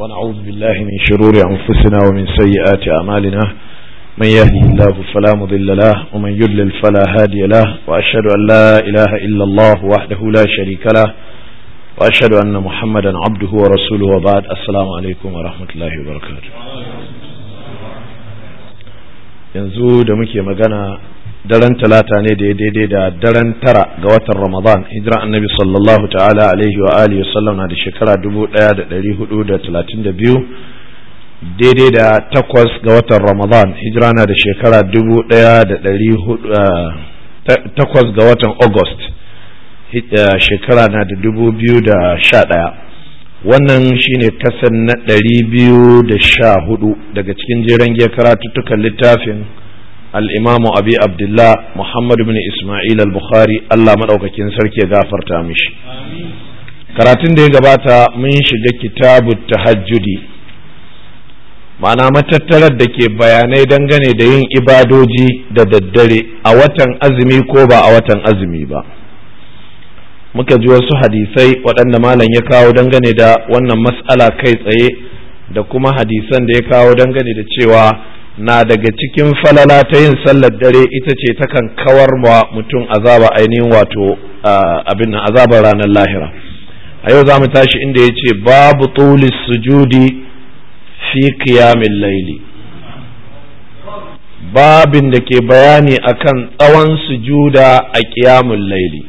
ونعوذ بالله من شرور أنفسنا ومن سيئات أعمالنا من يهدي الله فلا مضل له ومن يضلل فلا هادي له وأشهد أن لا إله إلا الله وحده لا شريك له وأشهد أن محمدا عبده ورسوله وبعد السلام عليكم ورحمة الله وبركاته yanzu da muke magana daren talata ne da ya daidai da daren tara ga watan ramadan hijira annabi sallallahu ta'ala alaihi wa alihi wasallam na da shekara 1432 daidai da takwas ga watan ramadan hijira na da shekara 1400 ah, takwas ga watan august ah, shekara na da 2011 wannan shine kasan na 214 daga cikin jeren karatu tukan littafin الإمام أبي عبد الله محمد بن إسماعيل البخاري الله مدعوك كنسر كي غافر تامش karatun da ya gabata mun shiga kitabu ta hajjudi ma'ana matattarar da ke bayanai dangane da yin ibadoji da daddare a watan azumi ko ba a watan azumi ba muka ji wasu hadisai waɗanda malam ya kawo dangane da wannan mas'ala kai tsaye da kuma hadisan da ya kawo dangane da cewa na daga cikin falala ta yin sallar dare ita ce takan kawar ma mutum azaba ainihin wato abin nan azabar ranar lahira a yau za mu tashi inda ya ce babu tulis sujudi fi kiyamin laili babin da ke bayani akan tsawon sujuda a kiyamin laili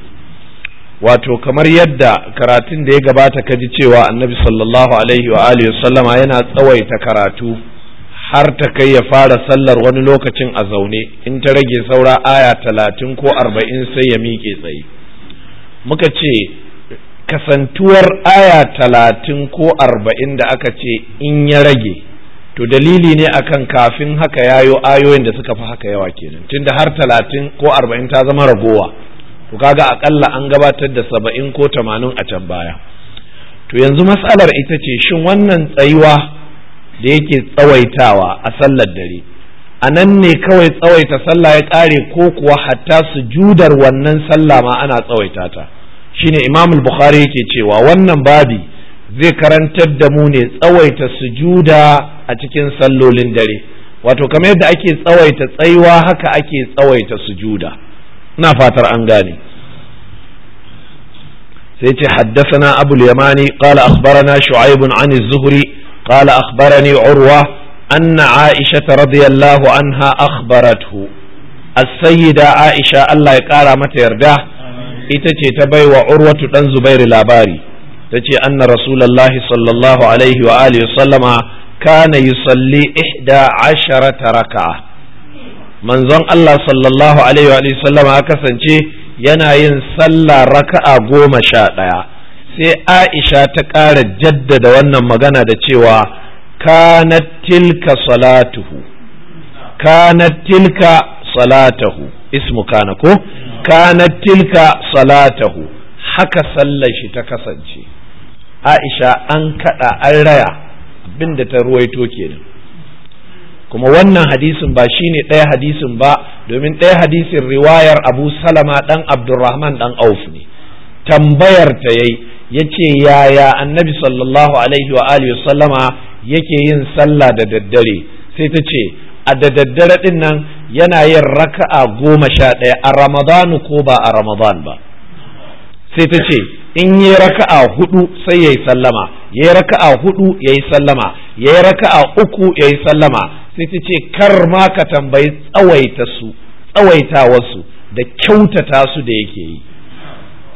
wato kamar yadda karatun da ya gabata kaji cewa annabi sallallahu alaihi wa alihi sallama yana tsawaita karatu har ta kai ya fara sallar wani lokacin a zaune in ta rage saura aya talatin ko arba'in sai ya miƙe tsaye muka ce kasantuwar aya talatin ko arba'in da aka ce in ya rage to dalili ne akan kafin haka yayo ayoyin da suka fi haka yawa kenan tunda har talatin ko arba'in ta zama ragowa to kaga akalla an gabatar da saba'in ko tamanin a can baya to yanzu matsalar ita ce shin wannan tsayuwa da yake tsawaitawa a sallar dare a nan ne kawai tsawaita sallah ya ƙare ko kuwa hatta su sujudar wannan sallah ma ana tsawaita ta shine imam bukhari yake cewa wannan babi zai karantar da mu ne tsawaita sujuda a cikin sallolin dare wato kamar yadda ake tsawaita tsaiwa haka ake tsawaita sujuda ina fatar an gane sai ce na abul yamani qala akhbarana shu'aib an az-zuhri قال أخبرني عروة أن عائشة رضي الله عنها أخبرته السيدة عائشة الله يقال متى يرده إتتي تبي وعروة بن زبير لاباري تتي أن رسول الله صلى الله عليه وآله وسلم كان يصلي إحدى عشرة ركعة من زن الله صلى الله عليه وآله وسلم أكسن yana yin sallah raka'a goma sha ɗaya sai aisha ta ƙara jaddada wannan magana da cewa kanat tilka salatuhu kanat tilka salatahu ismu kana ko kanat tilka salatahu haka sallar shi ta kasance aisha an kada an raya abinda ta ruwaito kenan kuma wannan hadisin ba shine ɗaya hadisin ba domin ɗaya hadisin riwayar abu salama ɗan abdurrahman ɗan auf ne tambayar ta yayi ya ce yaya annabi sallallahu alaihi wa alihi sallama yake yin sallah da daddare sai ta ce a da daddare din nan yana yin raka'a goma sha ɗaya a ramadanu ko ba a ramadan ba sai ta ce in yi raka'a hudu sai ya yi sallama ya yi raka'a hudu ya yi sallama ya yi raka'a uku ya yi sallama sai ta ce kar ma ka tambayi tsawaita su wasu da kyautata su da yake yi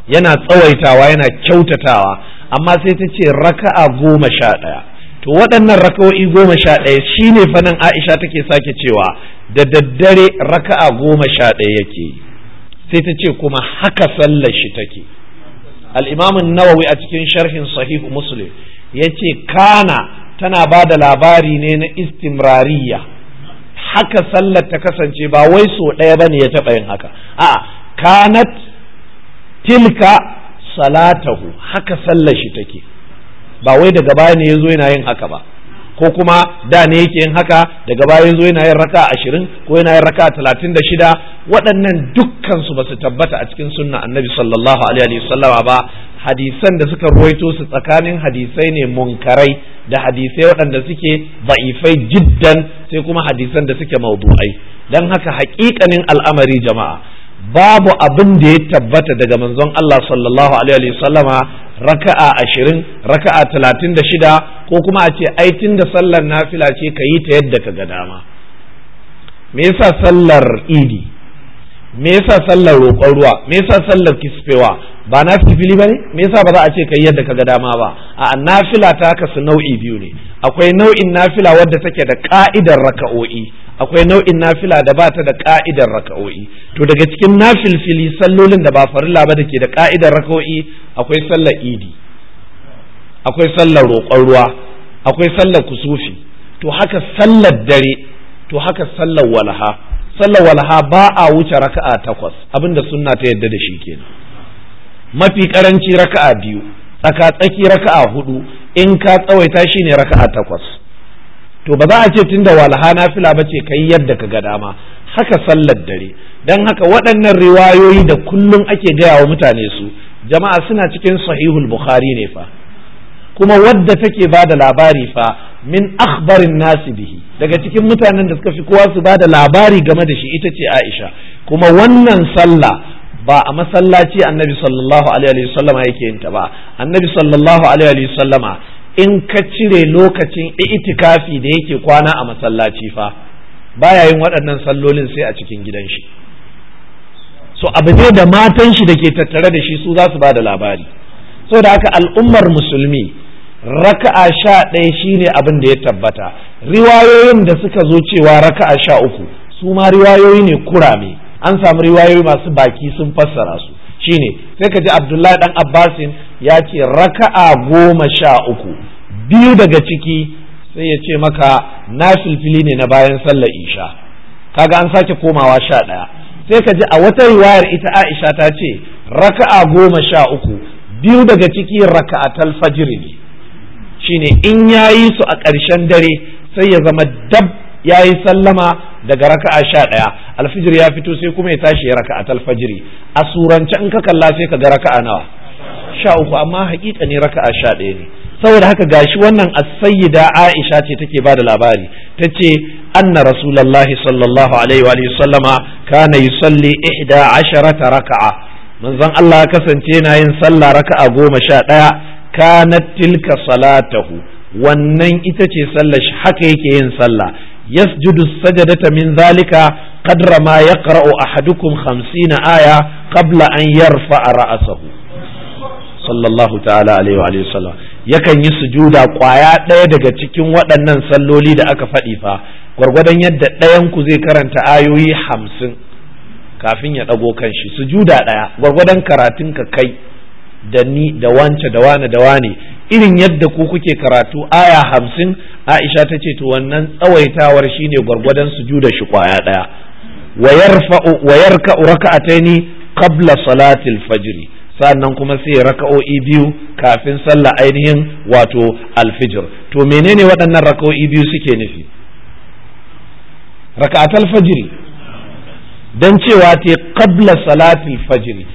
yana tsawaitawa yana kyautatawa amma sai ta ce raka'a goma sha ɗaya to waɗannan raka'o'i goma sha ɗaya shine fanin Aisha take sake cewa da daddare raka'a goma sha ɗaya yake yi, sai ta ce kuma haka sallar shi take al nawawi a cikin sharhin Sahihu Muslim ya ce kana tana ba da labari ne na istimrariya haka sallar ta kasance ba wai sau ɗaya ba ne ya taɓa yin haka a'a kanat tilka salatahu haka sallar shi take ba wai daga baya ne yazo yana yin haka ba ko kuma da ne yake yin haka daga baya yazo yana yin raka ashirin ko yana yin raka talatin da shida waɗannan dukkan su basu tabbata a cikin sunna annabi sallallahu alaihi wasallama ba hadisan da suka ruwaito su tsakanin hadisai ne munkarai da hadisai waɗanda suke ba'ifai jiddan sai kuma hadisan da suke maudu'ai dan haka haƙiƙanin al'amari jama'a babu abin da ya tabbata daga manzon Allah sallallahu alaihi wa sallama raka'a ashirin raka'a talatin da shida ko kuma a ce ai da sallar nafila ce ka yi ta yadda ka ga dama me yasa sallar idi me yasa sallar roƙon ruwa me yasa sallar kisfewa ba na fili ba ne me yasa ba za a ce kai yadda ka ga dama ba a nafila ta kasu nau'i biyu ne akwai nau'in nafila wadda take da ka'idar raka'o'i akwai nau'in nafila da ba ta da ka'idar raka'o'i to daga cikin nafilfili sallolin da ba farilla ba da ke da ka'idar raka'o'i akwai sallar idi akwai sallar roƙon ruwa akwai sallar kusufi to haka sallar dare to haka sallar walha, sallar walha ba a wuce raka'a takwas abinda sunna ta yadda da shi kenan mafi karanci raka'a biyu tsaka tsaki raka'a hudu in ka tsawaita shi ne raka'a takwas to ba za a ce tunda walha fila ba ce kai yadda ka ga dama haka sallar dare don haka waɗannan riwayoyi da kullum ake gaya wa mutane su jama'a suna cikin sahihul bukhari ne fa kuma wadda take ba da labari fa min akhbarin nasi bihi daga cikin mutanen da suka fi kowa su ba da labari game da shi ita ce aisha kuma wannan sallah ba a masallaci annabi sallallahu alaihi wasallama yake yin ta ba annabi sallallahu alaihi wasallama in ka cire lokacin itikafi da yake kwana a masallaci fa baya yin waɗannan sallolin sai a cikin gidan shi so abu ne da matan shi da ke tattare da shi su za su ba da labari so da haka al'ummar musulmi raka'a sha ɗaya shine abin da ya tabbata riwayoyin da suka zo cewa raka'a sha uku su ma riwayoyi ne kurame an samu riwayoyi masu baki sun fassara su shine sai ka ji abdullahi dan abbasin ya ce raka'a goma sha uku biyu daga ciki sai ya ce maka na filfili ne na bayan sallar isha kaga an sake komawa sha ɗaya sai ka ji a wata riwayar ita aisha ta ce raka'a goma sha uku biyu daga ciki raka'a fajr ne shine in yayi su a ƙarshen dare sai ya zama dab yayi sallama daga raka'a sha ɗaya alfijir ya fito sai kuma ya tashi ya raka'a talfajiri a surance in ka kalla sai ka ga raka'a nawa sha uku amma haƙiƙa ne raka'a sha ɗaya ne saboda haka gashi wannan as-sayyida Aisha ce take ba da labari tace anna rasulullahi sallallahu alaihi wa sallama kana yusalli ihda asharata raka'a manzon Allah ya kasance yana yin sallah raka'a goma sha ɗaya kanat tilka salatahu wannan ita ce sallah haka yake yin sallah yasjudu sajadata min zalika qadra ma yaqra'u ahadukum 50 aya qabla an yar ra'sahu sallallahu ta'ala yakan yi sujuda kwaya ɗaya daga cikin waɗannan salloli da aka faɗi fa gwargwadon yadda ɗayan ku zai karanta ayoyi hamsin kafin ya ɗago kanshi sujuda ɗaya gwargwadon karatun ka kai da ni da wance da wane da wane irin yadda ku kuke karatu aya hamsin aisha ta ce to wannan tsawaitawar shine gwargwadon sujuda shi kwaya daya wa ta raka'ataini kabla salatil fajri sannan kuma sai raka'o'i biyu kafin sallah ainihin wato alfijir to menene waɗannan raka'o'i biyu suke nufi raka'atul fajri dan cewa te qabla salatil fajri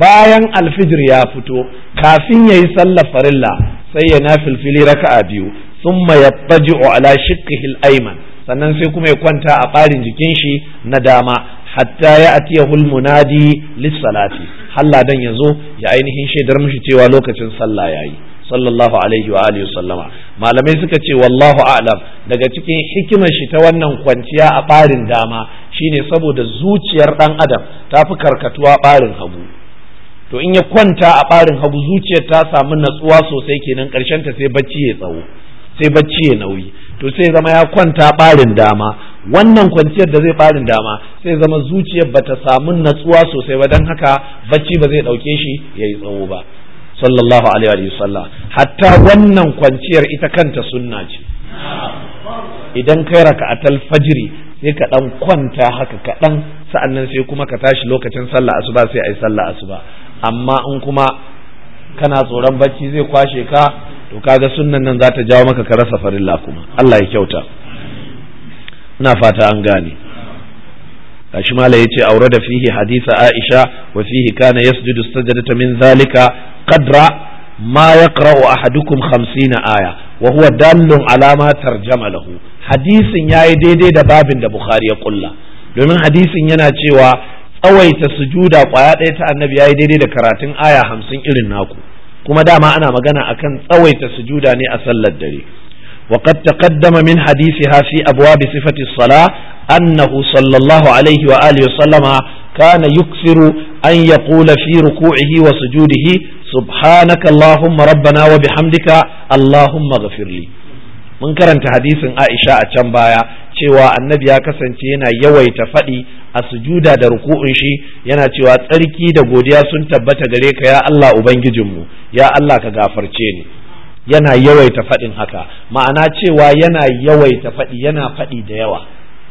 bayan alfijir ya fito kafin yayi sallah farilla sai ya nafilfili raka'a biyu sun yattaji'u ala shiqqihi al-ayman sannan sai kuma ya kwanta a ɓarin jikin shi na dama hatta ya tiya munadi lissalati halladan ya zo ya ainihin shaidar mishi cewa lokacin sallah yayi sallallahu alaihi wa alihi sallama malamai suka ce wallahu a'lam daga cikin hikimar shi ta wannan kwanciya a ɓarin dama shine saboda zuciyar ɗan adam ta fi karkatuwa ɓarin hagu to in ya kwanta a barin hagu zuciyar ta samu natsuwa sosai kenan ƙarshen ta sai bacci ya tsawo sai bacci ya nauyi to sai zama ya kwanta barin dama wannan kwanciyar da zai barin dama sai zama zuciyar bata samu natsuwa sosai ba don haka bacci ba zai ɗauke shi ya yi tsawo ba sallallahu alaihi wa sallam hatta wannan kwanciyar ita kanta sunna ce idan kai raka'atal fajiri sai ka dan kwanta haka kaɗan sa'annan sai kuma ka tashi lokacin sallah asuba sai ayi sallah asuba amma in kuma kana tsoron bacci zai kwashe ka to kaga sunnan nan za ta jawo maka ka rasa farilla kuma Allah ya kyauta ina fata an gane gashi mala yace aure da fihi hadisa Aisha wa fihi kana yasjudu sajdata min zalika qadra ma yaqra'u ahadukum 50 aya wa huwa dallun ala ma tarjama lahu hadisin yayi daidai da babin da Bukhari ya kulla domin hadisin yana cewa tsawaita sujuda kwaya ɗaya ta annabi yayi daidai da karatun aya hamsin irin naku kuma dama ana magana akan tsawaita sujuda ne a sallar dare wa qad taqaddama min hadisi hasi abwab sifati sala annahu sallallahu alaihi wa alihi kana yuksiru an yaqula fi ruku'ihi wa sujudihi سبحانك اللهم ربنا وبحمدك اللهم اغفر لي من كرنت حديث عائشة أتشم cewa annabi ya kasance yana yawaita faɗi a sujuda da ruku'un shi yana cewa tsarki da godiya sun tabbata gare ka ya Allah ubangijinmu ya Allah ka gafarce ni yana yawaita faɗin haka ma'ana cewa yana yawaita faɗi yana faɗi da yawa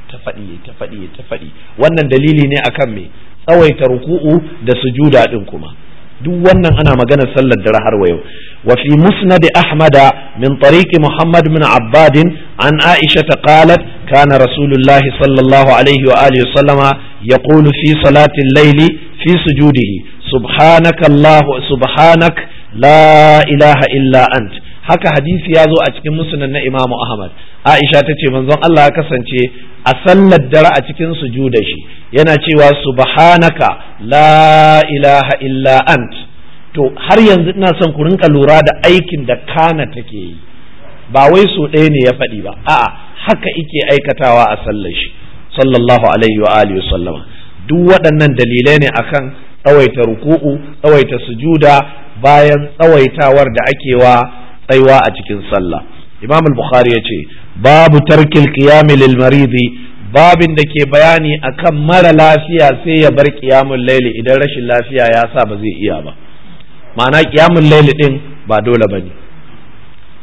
ta faɗi ta faɗi ta faɗi wannan dalili ne akan me tsawaita ruku'u da sujuda din kuma duk wannan ana maganar sallar dare har wa yau wa fi musnad ahmada min tariqi muhammad bin abbad an aisha ta qalat كان rasulullahi الله صلى الله عليه وآله وسلم يقول في صلاة الليل في سجوده سبحانك الله سبحانك لا إله إلا أنت haka hadisi ya zo a cikin musnad na Imam Ahmad Aisha ta ce manzon Allah ya kasance a sallar dare a cikin sujuda shi yana cewa subhanaka la ilaha illa ant to har yanzu ina son ku rinka lura da aikin da kana take yi ba wai su ɗaya ne ya faɗi ba a'a haka ike aikatawa a sallar shi sallallahu alaihi wa alihi sallama duk waɗannan dalilai ne akan tsawaita ruku'u tsawaita sujuda bayan tsawaitawar da ake wa tsaiwa a cikin sallah imam al-bukhari ya ce babu tarkil qiyami lil maridi babin da ke bayani akan mara lafiya sai ya bar qiyamul laili idan rashin lafiya ya sa ba zai iya ba ma'ana qiyamul laili din ba dole bane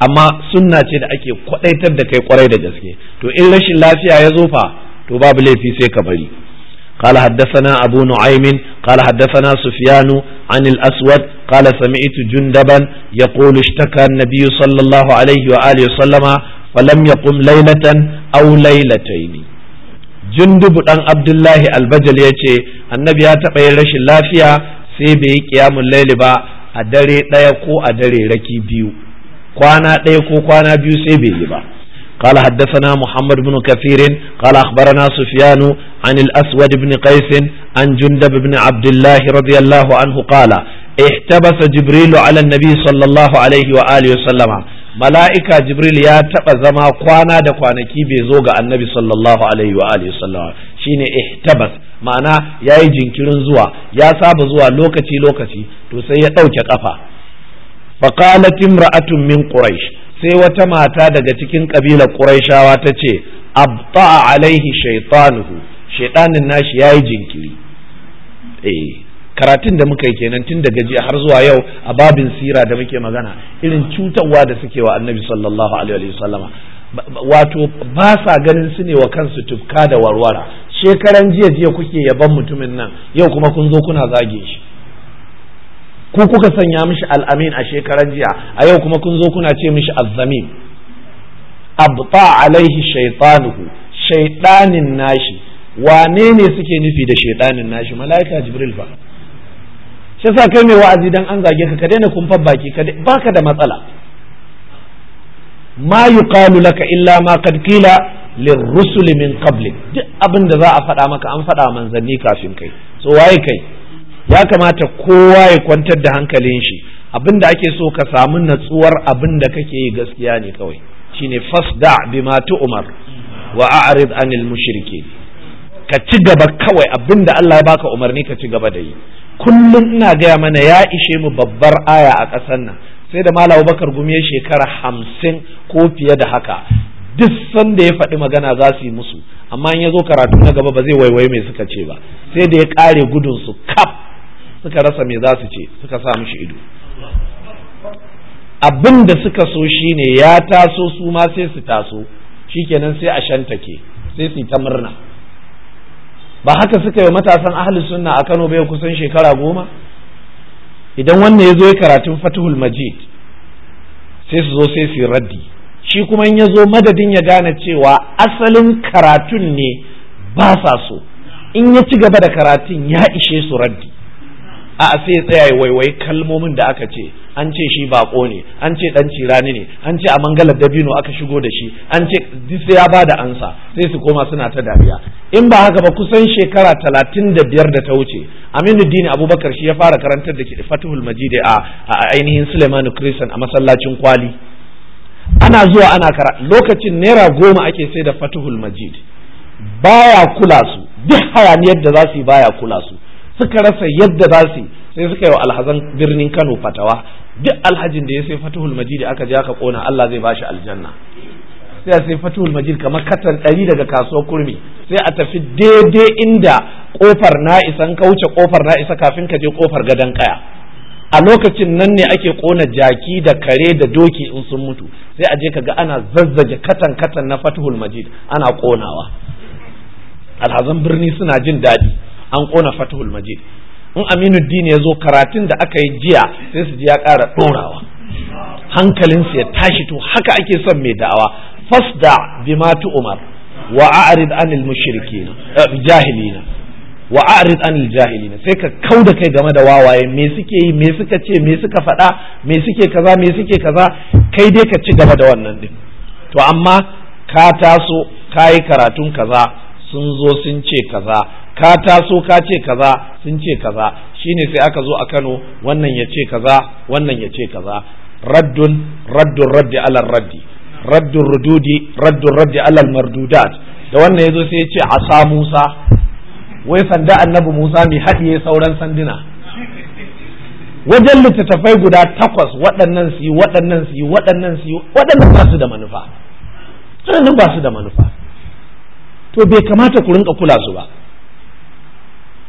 amma sunna ce da ake kwadaitar da kai kwarai da gaske to in rashin lafiya ya zo fa to babu laifi sai ka bari قال حدثنا أبو نعيم قال حدثنا سفيان عن الأسود قال سمعت جندبا يقول اشتكى النبي صلى الله عليه وآله وسلم فلم يقم ليلة أو ليلتين جندب عن عبد الله البجل يتي النبي أتبعي رشي اللافية سيبه قيام الليل با أدري لا يقو أدري ركي بيو kwana ɗaya ko kwana biyu sai bai yi ba قال حدثنا محمد بن كثير قال أخبرنا سفيان عن الأسود بن قيس عن جندب بن عبد الله رضي الله عنه قال احتبس جبريل على النبي صلى الله عليه وآله وسلم ملائكة جبريل يا تبا زما قوانا دقوانا كي بيزوغ النبي صلى الله عليه وآله وسلم shine ihtabas ma'ana yayi jinkirin zuwa ya saba zuwa lokaci lokaci to sai ya ɗauke kafa فقالت imra'atun من قريش sai wata mata daga cikin kabilar quraishawa ta ce abta'a alaihi shaytanuhu shaytanin nashi yayi jinkiri eh karatun da muka yi kenan tun daga jiya har zuwa yau a babin sira da muke magana irin cutarwa da suke wa annabi sallallahu alaihi wa sallama wato ba sa ganin su ne wa kansu tufka da warwara shekaran jiya jiya kuke yaban mutumin nan yau kuma kun zo kuna zage shi ku kuka sanya mishi al'amin a shekaran jiya a yau kuma kun zo kuna ce mishi azzamin abta alaihi shaitanuhu shaitanin nashi wane ne suke nufi da shaitanin nashi mala'ika jibril ba shi sa kai mai wa'azi dan an zage ka ka daina kumfa baki ka baka da matsala ma yuqalu laka illa ma qad qila lirrusul min qablik duk abin da za a faɗa maka an faɗa manzanni kafin kai so waye kai ya kamata kowa ya kwantar da hankalin shi abin da ake so ka samu natsuwar abin da kake yi gaskiya ne kawai shine fasda bima tu'mar wa a'rid anil mushriki ka ci gaba kawai abin da Allah ya baka umarni ka ci gaba da yi kullum ina gaya mana ya ishe mu babbar aya a ƙasar nan sai da malam Abubakar gumi shekara hamsin ko fiye da haka duk sanda ya faɗi magana za su yi musu amma in ya zo karatu na gaba ba zai waiwai mai suka ce ba sai da ya ƙare gudunsu kaf suka rasa me za su ce suka sa mishi ido abin da suka so shi ne ya taso su ma sai su taso shikenan sai a shantake sai su yi ta murna ba haka suka yi matasan ahli sunna a Kano bai kusan shekara goma idan wannan ya zo ya karatun fatihul majid sai su zo sai su raddi shi kuma in ya zo madadin ya gane cewa asalin karatun ne ba sa so in ya ci gaba da karatun ya ishe su raddi a sai tsaya ya waiwai kalmomin da aka ce an ce shi bako ne an ce dan cirani ne an ce a mangalar dabino aka shigo da shi an ce sai ya bada ansa sai su koma suna ta dariya in ba haka ba kusan shekara talatin da biyar da ta wuce aminu dini abubakar shi ya fara karantar da fatihul majide a ainihin suleimanu kristan a masallacin kwali ana zuwa ana kara lokacin naira goma ake sai da fatihul majid baya kula su duk hayaniyar da za su yi baya kula su suka rasa yadda za su sai suka yi wa alhazan birnin Kano fatawa duk alhajin da ya sai fatuhul Majid aka je aka kona Allah zai bashi aljanna sai a sai fatuhul Majid kamar katan ɗari daga kasuwar kurmi sai a tafi daidai inda kofar na'isan kauce, kauce kofar isa kafin ka je kofar gadon kaya a lokacin nan ne ake kona jaki da kare da doki in sun mutu sai a je ka ga ana zazzaje katan katan na fatuhul Majid ana konawa alhazan birni suna jin daɗi an kona fatihul majid in dini ya zo karatun da aka yi jiya sai su ji ya ƙara ɗorawa hankalinsu ya tashi to haka ake son mai da'awa fasda bima umar wa a'rid anil mushrikin eh, jahilina wa a'rid anil jahilina sai ka kauda kai game da wawaye me suke yi me suka ce me suka faɗa me suke kaza me suke kaza kai dai ka ci gaba da wannan din to amma ka taso kayi karatun kaza sun zo sun ce kaza ka taso ka ce kaza sun ce kaza shine sai aka zo a Kano wannan ya ce kaza wannan ya ce kaza raddun raddun raddi alal raddi raddun rududi raddun raddi alal mardudat da wannan yazo sai ya ce asa Musa wai sanda annabi Musa mai haɗiye sauran sanduna wajen littattafai guda takwas waɗannan su yi waɗannan su yi waɗannan su yi waɗannan ba su da manufa waɗannan ba su da manufa to bai kamata ku rinka kula su ba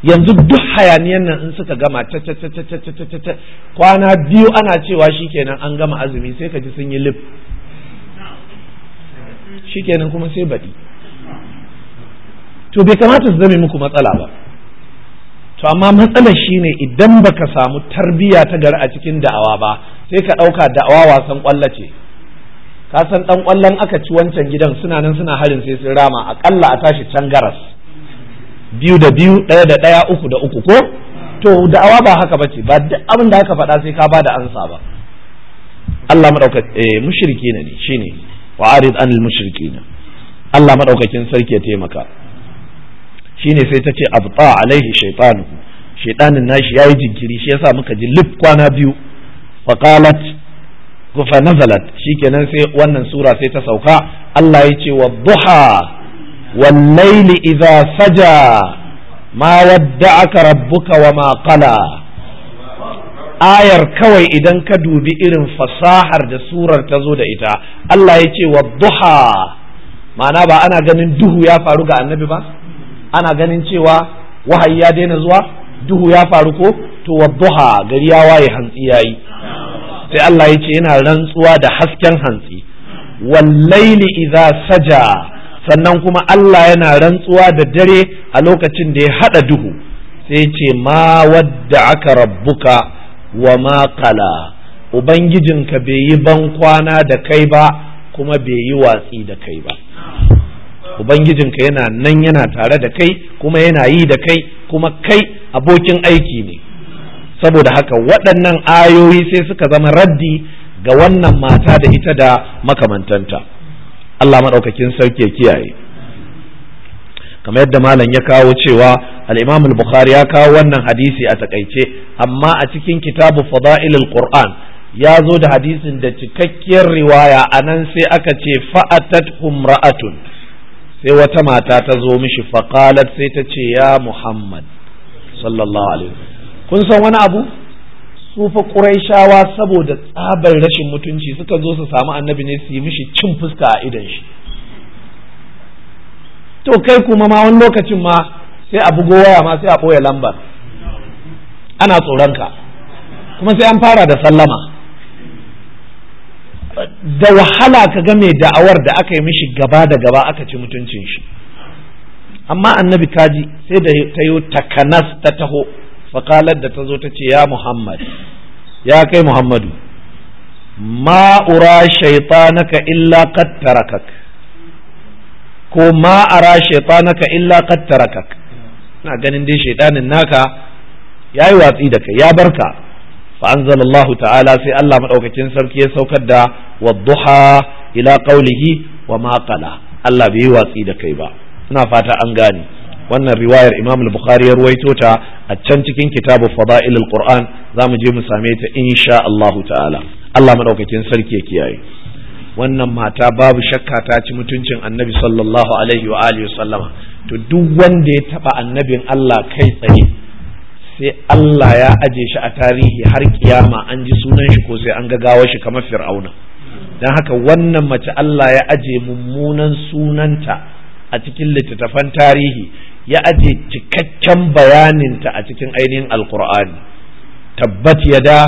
yanzu duk hayaniyan nan in suka gama ta ta ta ta ta ta ta kwana biyu ana cewa shikenan an gama azumi sai ka ji sun yi lif shikenan kuma sai baɗi to bai kamata su zame muku matsala ba to amma matsalar shine idan baka samu tarbiyya ta gari a cikin da'awa ba sai ka ɗauka da'awa wasan ƙwallo ce ka san dan kwallon aka ci wancan gidan suna nan suna harin sai sun rama akalla a tashi can garas biyu da biyu ɗaya da ɗaya uku da uku ko to da'awa ba haka bace ba duk abin da aka faɗa sai ka bada ansa ba Allah madaukakin eh mushriki ne shine wa arid anil mushrikina Allah madaukakin sarki ya taimaka shine sai ta ce abta alaihi shaytanuhu shaytanin nashi yayi jinkiri shi yasa muka ji lif kwana biyu qalat fa nazalat kenan sai wannan sura sai ta sauka Allah ya ce wa duha wal layli idza saja ma wadda'aka rabbuka wa ma qala ayar kawai idan ka dubi irin fasahar da surar ta zo da ita Allah ya ce wa duha ma'ana ba ana ganin duhu ya faru ga annabi ba ana ganin cewa wahayi ya daina zuwa duhu ya faru ko to wa duha gari ya waye hantsi yayi sai Allah ya ce yana rantsuwa da hasken hantsi wallaili idza saja sannan kuma Allah yana rantsuwa da dare a lokacin da ya hada duhu sai ce ma wadda aka rabbuka wa ma qala ubangijinka bai yi ban kwana da kai ba kuma bai yi watsi da kai ba ubangijinka yana nan yana tare da kai kuma yana yi da kai kuma kai abokin aiki ne saboda haka waɗannan ayoyi sai suka zama raddi ga wannan mata da ita da makamantanta Allah maɗaukakin sarki ya kiyaye kamar yadda malam ya kawo cewa al-Imam al-Bukhari ya kawo wannan hadisi a takaice amma a cikin kitabu fada'ilul Qur'an ya zo da hadisin da cikakkiyar riwaya anan sai aka ce fa'atat umra'atun sai wata mata ta zo mishi faqalat sai ta ce ya Muhammad sallallahu alaihi kun san wani abu su fa ƙuraishawa saboda tsabar rashin mutunci suka zo su samu annabi ne su yi mishi cin fuska a idan shi to kai kuma ma wani lokacin ma sai a bugo waya ma sai a ɓoye lambar ana tsoronka kuma sai an fara da sallama da wahala ka ga mai da'awar da aka yi mishi gaba da gaba aka ci mutuncin shi amma annabi kaji sai da ta yi takanas ta taho faƙalar da ta zo ta ce ya muhammad ya kai muhammadu ma'ura shaitanaka illa qad ko ma'ara shaitanaka illa qad na ganin dai shaitanin naka yayi watsi da kai ya barka fa anzalallahu ta'ala sai Allah maɗaukakin sarki ya saukar da wadduha ila qawlihi wa ma Allah bai yi watsi da kai ba ina fata an gane wannan riwayar Imam al-Bukhari ya ruwaito ta a can cikin kitabu Fada'il al-Qur'an zamu je mu same ta insha Allah ta'ala Allah madaukakin sarki ya kiyaye wannan mata babu shakka ta ci mutuncin Annabi sallallahu alaihi wa alihi sallama to duk wanda ya taba annabin Allah kai tsaye sai Allah ya aje shi a tarihi har kiyama an ji sunan shi ko sai an ga gawar shi kamar Fir'auna dan haka wannan mace Allah ya aje mummunan sunanta a cikin littattafan tarihi ya aje cikakken bayaninta a cikin ainihin alkur'ani tabbat yada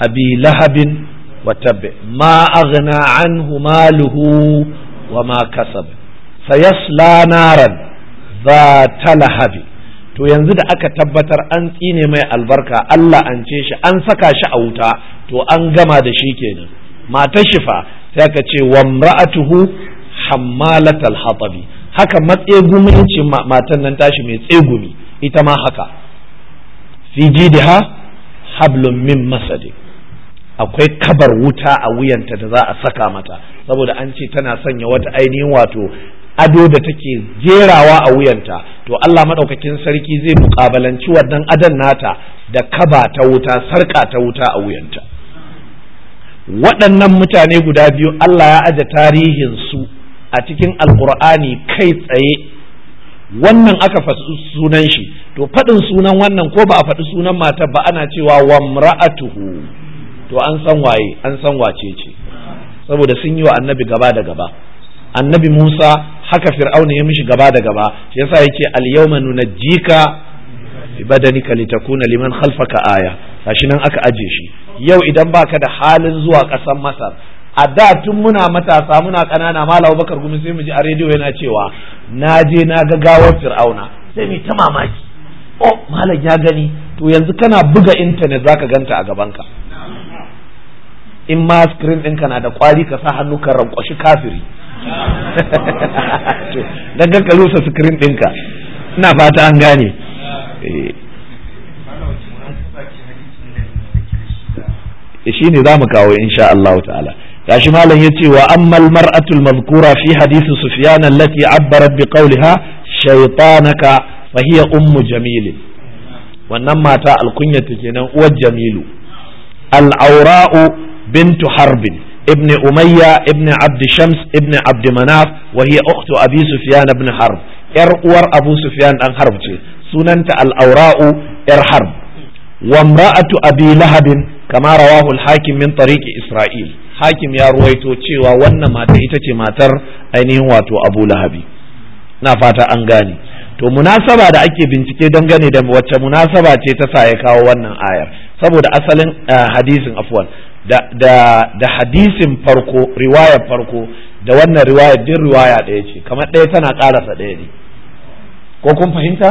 abi lahabin wa tabbi ma aghna anhu maluhu wa ma kasab sayasla naran zata lahabi to yanzu da aka tabbatar an tsine mai albarka Allah an ce shi an saka shi a wuta to an gama da shi kenan matar shifa sai aka ce wa mra'atuhu hammalatal hatabi haka matsegumincin matan nan tashi mai tsegumi ita ma haka fi jidha hablum min masadi akwai kabar wuta a wuyanta da za a saka mata saboda an ce tana sanya wata ainihin wato ado da take jerawa a wuyanta to Allah maɗaukakin sarki zai muƙabalanci wannan adon nata da kaba ta wuta sarƙa ta wuta a wuyanta waɗannan mutane guda biyu Allah ya aje su a cikin alkur'ani kai tsaye wannan aka faɗi sunan shi to faɗin sunan wannan ko ba a faɗi sunan matar ba ana cewa wamra'atuhu to an san waye an san wace ce saboda sun yi wa annabi gaba da gaba annabi Musa haka fir'auna ya mishi gaba da gaba shi yasa yake al-yawma nunajjika bi badanika litakuna liman khalfaka aya gashi nan aka aje shi yau idan baka da halin zuwa ƙasar Masar a da tun muna matasa muna ƙanana malam bakar gumi sai mu ji a rediyo yana cewa na je na ga gawar fir'auna sai mu ta mamaki oh malam ya gani to yanzu kana buga intanet zaka ganta a gabanka in ma screen ɗinka na da kwari ka sa hannu ka rankwashi kafiri daga ka rusa screen ɗinka ina fata an gane eh. eh, shi ne za mu kawo insha Allah ta'ala gashi malam yace wa ammal mar'atul mazkura fi hadisi sufyan allati abbarat bi qawliha shaytanaka fa hiya ummu jamil wannan mata alkunya ta kenan uwar jamilu al-aura'u bintu harbin ابن أمية ابن عبد شمس ابن عبد مناف وهي أخت أبي سفيان بن حرب إرور أبو سفيان أن حرب سننت الأوراء إر حرب وامرأة أبي لهب كما رواه الحاكم من طريق إسرائيل hakim ya ruwaito cewa wannan mata ita ce matar ainihin wato abu lahabi na fata an gane to munasaba da ake bincike don dangane da wacce munasaba ce ta sa ya kawo wannan ayar saboda asalin eh, hadisin afwan da hadisin farko riwayar farko da wannan riwayar din riwaya ɗaya ce kamar ɗaya tana ƙarasa ɗaya ne ko kun fahimta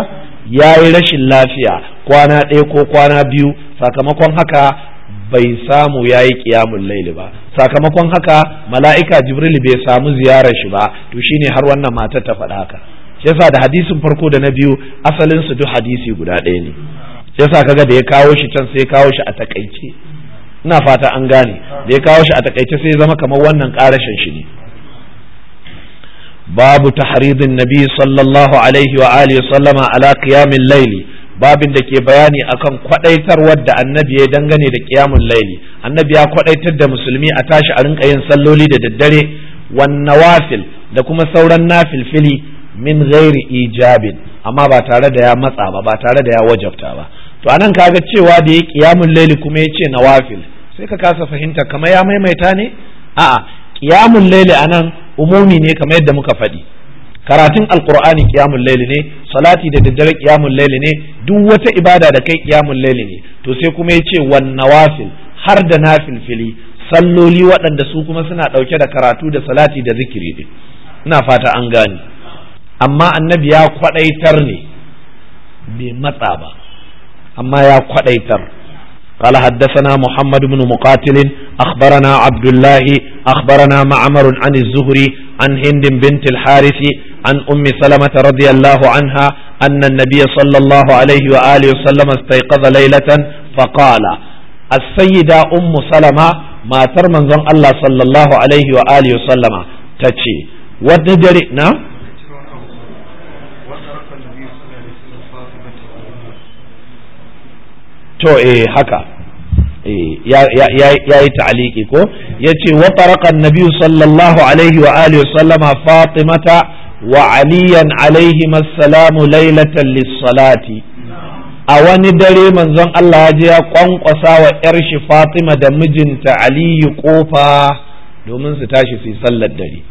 ya yi rashin lafiya kwana ɗaya ko kwana biyu sakamakon haka bai samu ya yi ƙiyamun laili ba sakamakon haka mala'ika jibril bai samu ziyarar shi ba to shine har wannan matar ta faɗa haka yasa da hadisin farko da na biyu asalin duk hadisi guda ɗaya ne shi yasa kaga da ya kawo shi can sai kawo shi a takaice ina fata an gane da ya kawo shi a takaice sai zama kamar wannan ƙarashin shi ne babu tahridin nabi sallallahu alaihi wa alihi sallama ala qiyamil laili babin da ke bayani akan kwadaitarwar da annabi ya dangane da kiyamun laili annabi ya kwadaitar da musulmi a tashi a rinka yin salloli da daddare wan nawafil da kuma sauran nafilfili min ghairi ijabin amma ba tare da ya matsa ba ba tare da ya wajabta ba to anan kaga cewa da ya kiyamun laili kuma ya ce nawafil sai ka kasa fahimta kamar ya maimaita ne a'a kiyamun laili anan umumi ne kamar yadda muka faɗi karatun Alkur'ani qiyamul laili ne salati da daddare qiyamul laili ne duk wata ibada da kai qiyamul laili ne to sai kuma ya yace wan nawafil har da na filfili, salloli waɗanda su kuma suna ɗauke da karatu da salati da zikiri ne. ina fata an gane amma annabi ya kwaɗaitar ne bai matsa ba amma ya kwaɗaitar قال حدثنا محمد بن مقاتل أخبرنا عبد الله أخبرنا معمر عن الزهري عن هند بنت الحارث عن أم سلمة رضي الله عنها أن النبي صلى الله عليه وآله وسلم استيقظ ليلة فقال السيدة أم سلمة ما ترمن الله صلى الله عليه وآله وسلم تتشي ودرئنا to eh haka eh, ya yi ta'aliki ko ya ce wa farakan nabi sallallahu alaihi wa alihi sallama fatimata wa aliyan alaihi salamu lailatan lissalati a wani dare manzon Allah ya je ya kwankwasa wa ‘yar shi Fatima da mijinta Aliyu kofa domin su tashi su yi sallar dare.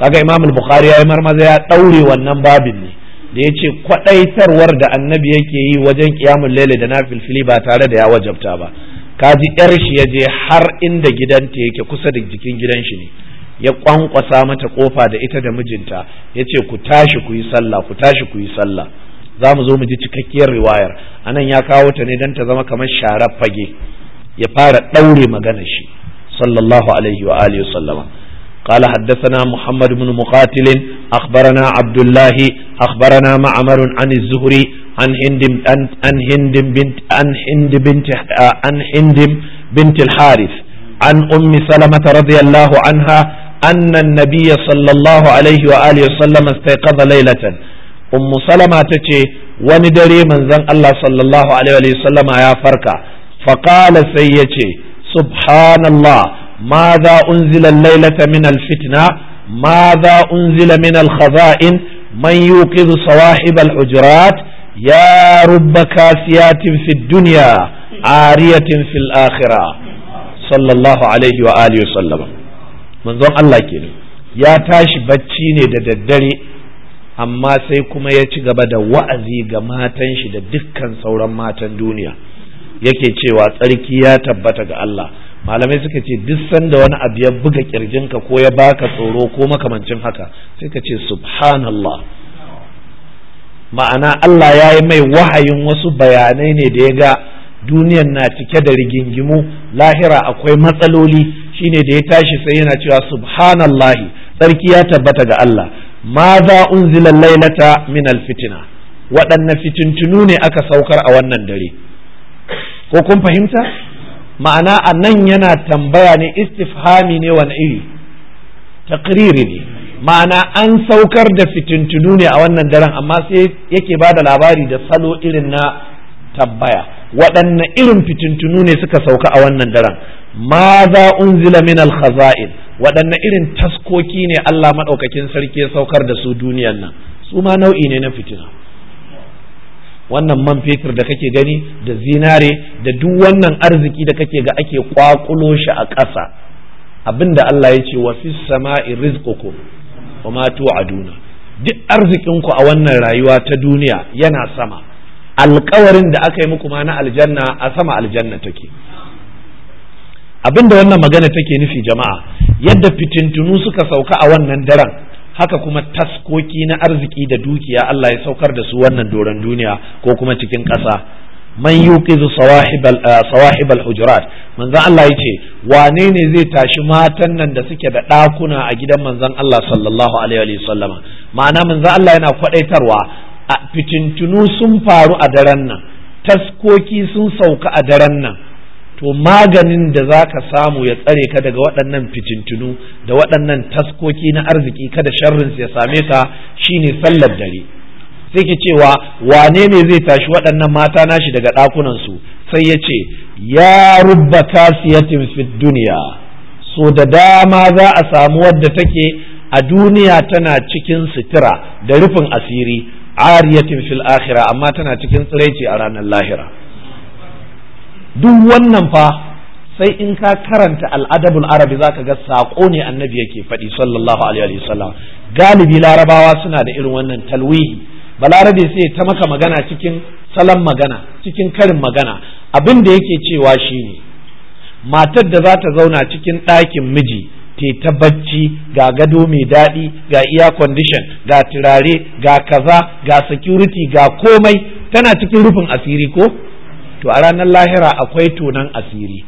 Kaga Imam Bukhari ya yi marmaza ya ɗaure wannan babin ne. da ya ce kwaɗaitarwar da annabi yake yi wajen ƙiyamun lele da na filfili ba tare da ya wajabta ba Ka ji yar shi ya je har inda gidanta yake kusa da jikin gidan shi ne ya kwankwasa mata kofa da ita da mijinta ya ce ku tashi ku yi sallah ku tashi ku yi sallah za mu zo mu ji cikakkiyar riwayar anan ya kawo ta ne don ta zama kamar sharar fage ya fara ɗaure magana shi sallallahu alaihi wa alihi sallama قال حدثنا محمد بن مقاتل أخبرنا عبد الله أخبرنا معمر عن الزهري عن هند عن هند بنت عن هند بنت عن هند بنت الحارث عن أم سلمة رضي الله عنها أن النبي صلى الله عليه وآله وسلم استيقظ ليلة أم سلمة تتي وندري من زن الله صلى الله عليه وآله وسلم يا فركة فقال سيتي سبحان الله Maza za unzila lailata min alfitna maza unzila min alkhaza'in man yuqizu sawahib alhujurat ya rubba kasiyatin fid dunya ariyatin fil akhirah sallallahu alaihi wa alihi wasallam manzon Allah kenan ya tashi bacci ne da daddare amma sai kuma ya ci gaba da wa'azi ga matan shi da dukkan sauran matan duniya yake cewa tsarki ya tabbata ga Allah malamai suka ce duk sanda wani abu ya buga kirjinka ko ya baka tsoro ko makamancin haka sai ka ce subhanallah ma'ana Allah ya yi mai wahayin wasu bayanai ne da ya ga duniyan na cike da rigingimu lahira akwai matsaloli shine da ya tashi sai yana cewa subhanallahi tsarki ya tabbata ga Allah ma za unzila lailata min alfitina waɗanne fitintunu ne aka saukar a wannan dare ko kun fahimta ma'ana a nan yana tambaya ne istifhami ne wani iri taqriri ne ma'ana an saukar da fitintunu ne a wannan daren amma sai yake ba da labari da salo irin na tambaya waɗanne irin fitintunu ne suka sauka a wannan daren ma za unzila min al waɗanne irin taskoki ne Allah maɗaukakin sarki ya saukar da su duniyan nan su ma nau'i ne na fitina wannan man fetur da kake gani da zinare da duk wannan arziki da kake ga ake kwakulo shi a ƙasa abinda Allah ya ce wa fis sama'i rizqukum wa ma tu'aduna duk arzikin ku a wannan rayuwa ta duniya yana sama alƙawarin da aka yi muku ma na aljanna a sama aljanna take abinda wannan magana take nufi jama'a yadda fitintunu suka sauka a wannan daren haka kuma taskoki na arziki da dukiya Allah ya saukar da su wannan doron duniya ko kuma cikin ƙasa man yuqizu sawahibal uh, sawahibal hujurat manzon Allah yace wane ne zai tashi matan nan da suke da ɗakuna a gidan manzon Allah sallallahu alaihi wa sallama ma'ana manzon Allah yana kwadaitarwa fitintunu sun faru a daren nan taskoki sun sauka a daren nan to maganin da za ka samu ya tsare ka daga waɗannan fitintunu da waɗannan taskoki na arziki kada sharrinsu ya same ka shine sallar dare sai ke cewa wane ne zai tashi waɗannan mata nashi daga ɗakunansu sai ya ce ya rubba kasiyatin fit duniya so da dama za a samu wadda take a duniya tana cikin sutura da rufin asiri ariyatin fil akhira amma tana cikin tsiraici a ranar lahira duk wannan fa sai in ka karanta al'adabul arabi za ka ga saƙo ne annabi yake faɗi sallallahu alaihi wasallam galibi larabawa suna da irin wannan talwihi balarabe sai ta maka magana cikin salon magana cikin karin magana abin da yake cewa shine matar da za ta zauna cikin ɗakin miji te ta bacci ga gado mai daɗi ga iya condition ga turare ga kaza ga security ga komai tana cikin rufin asiri ko to a ranar lahira akwai tonan asiri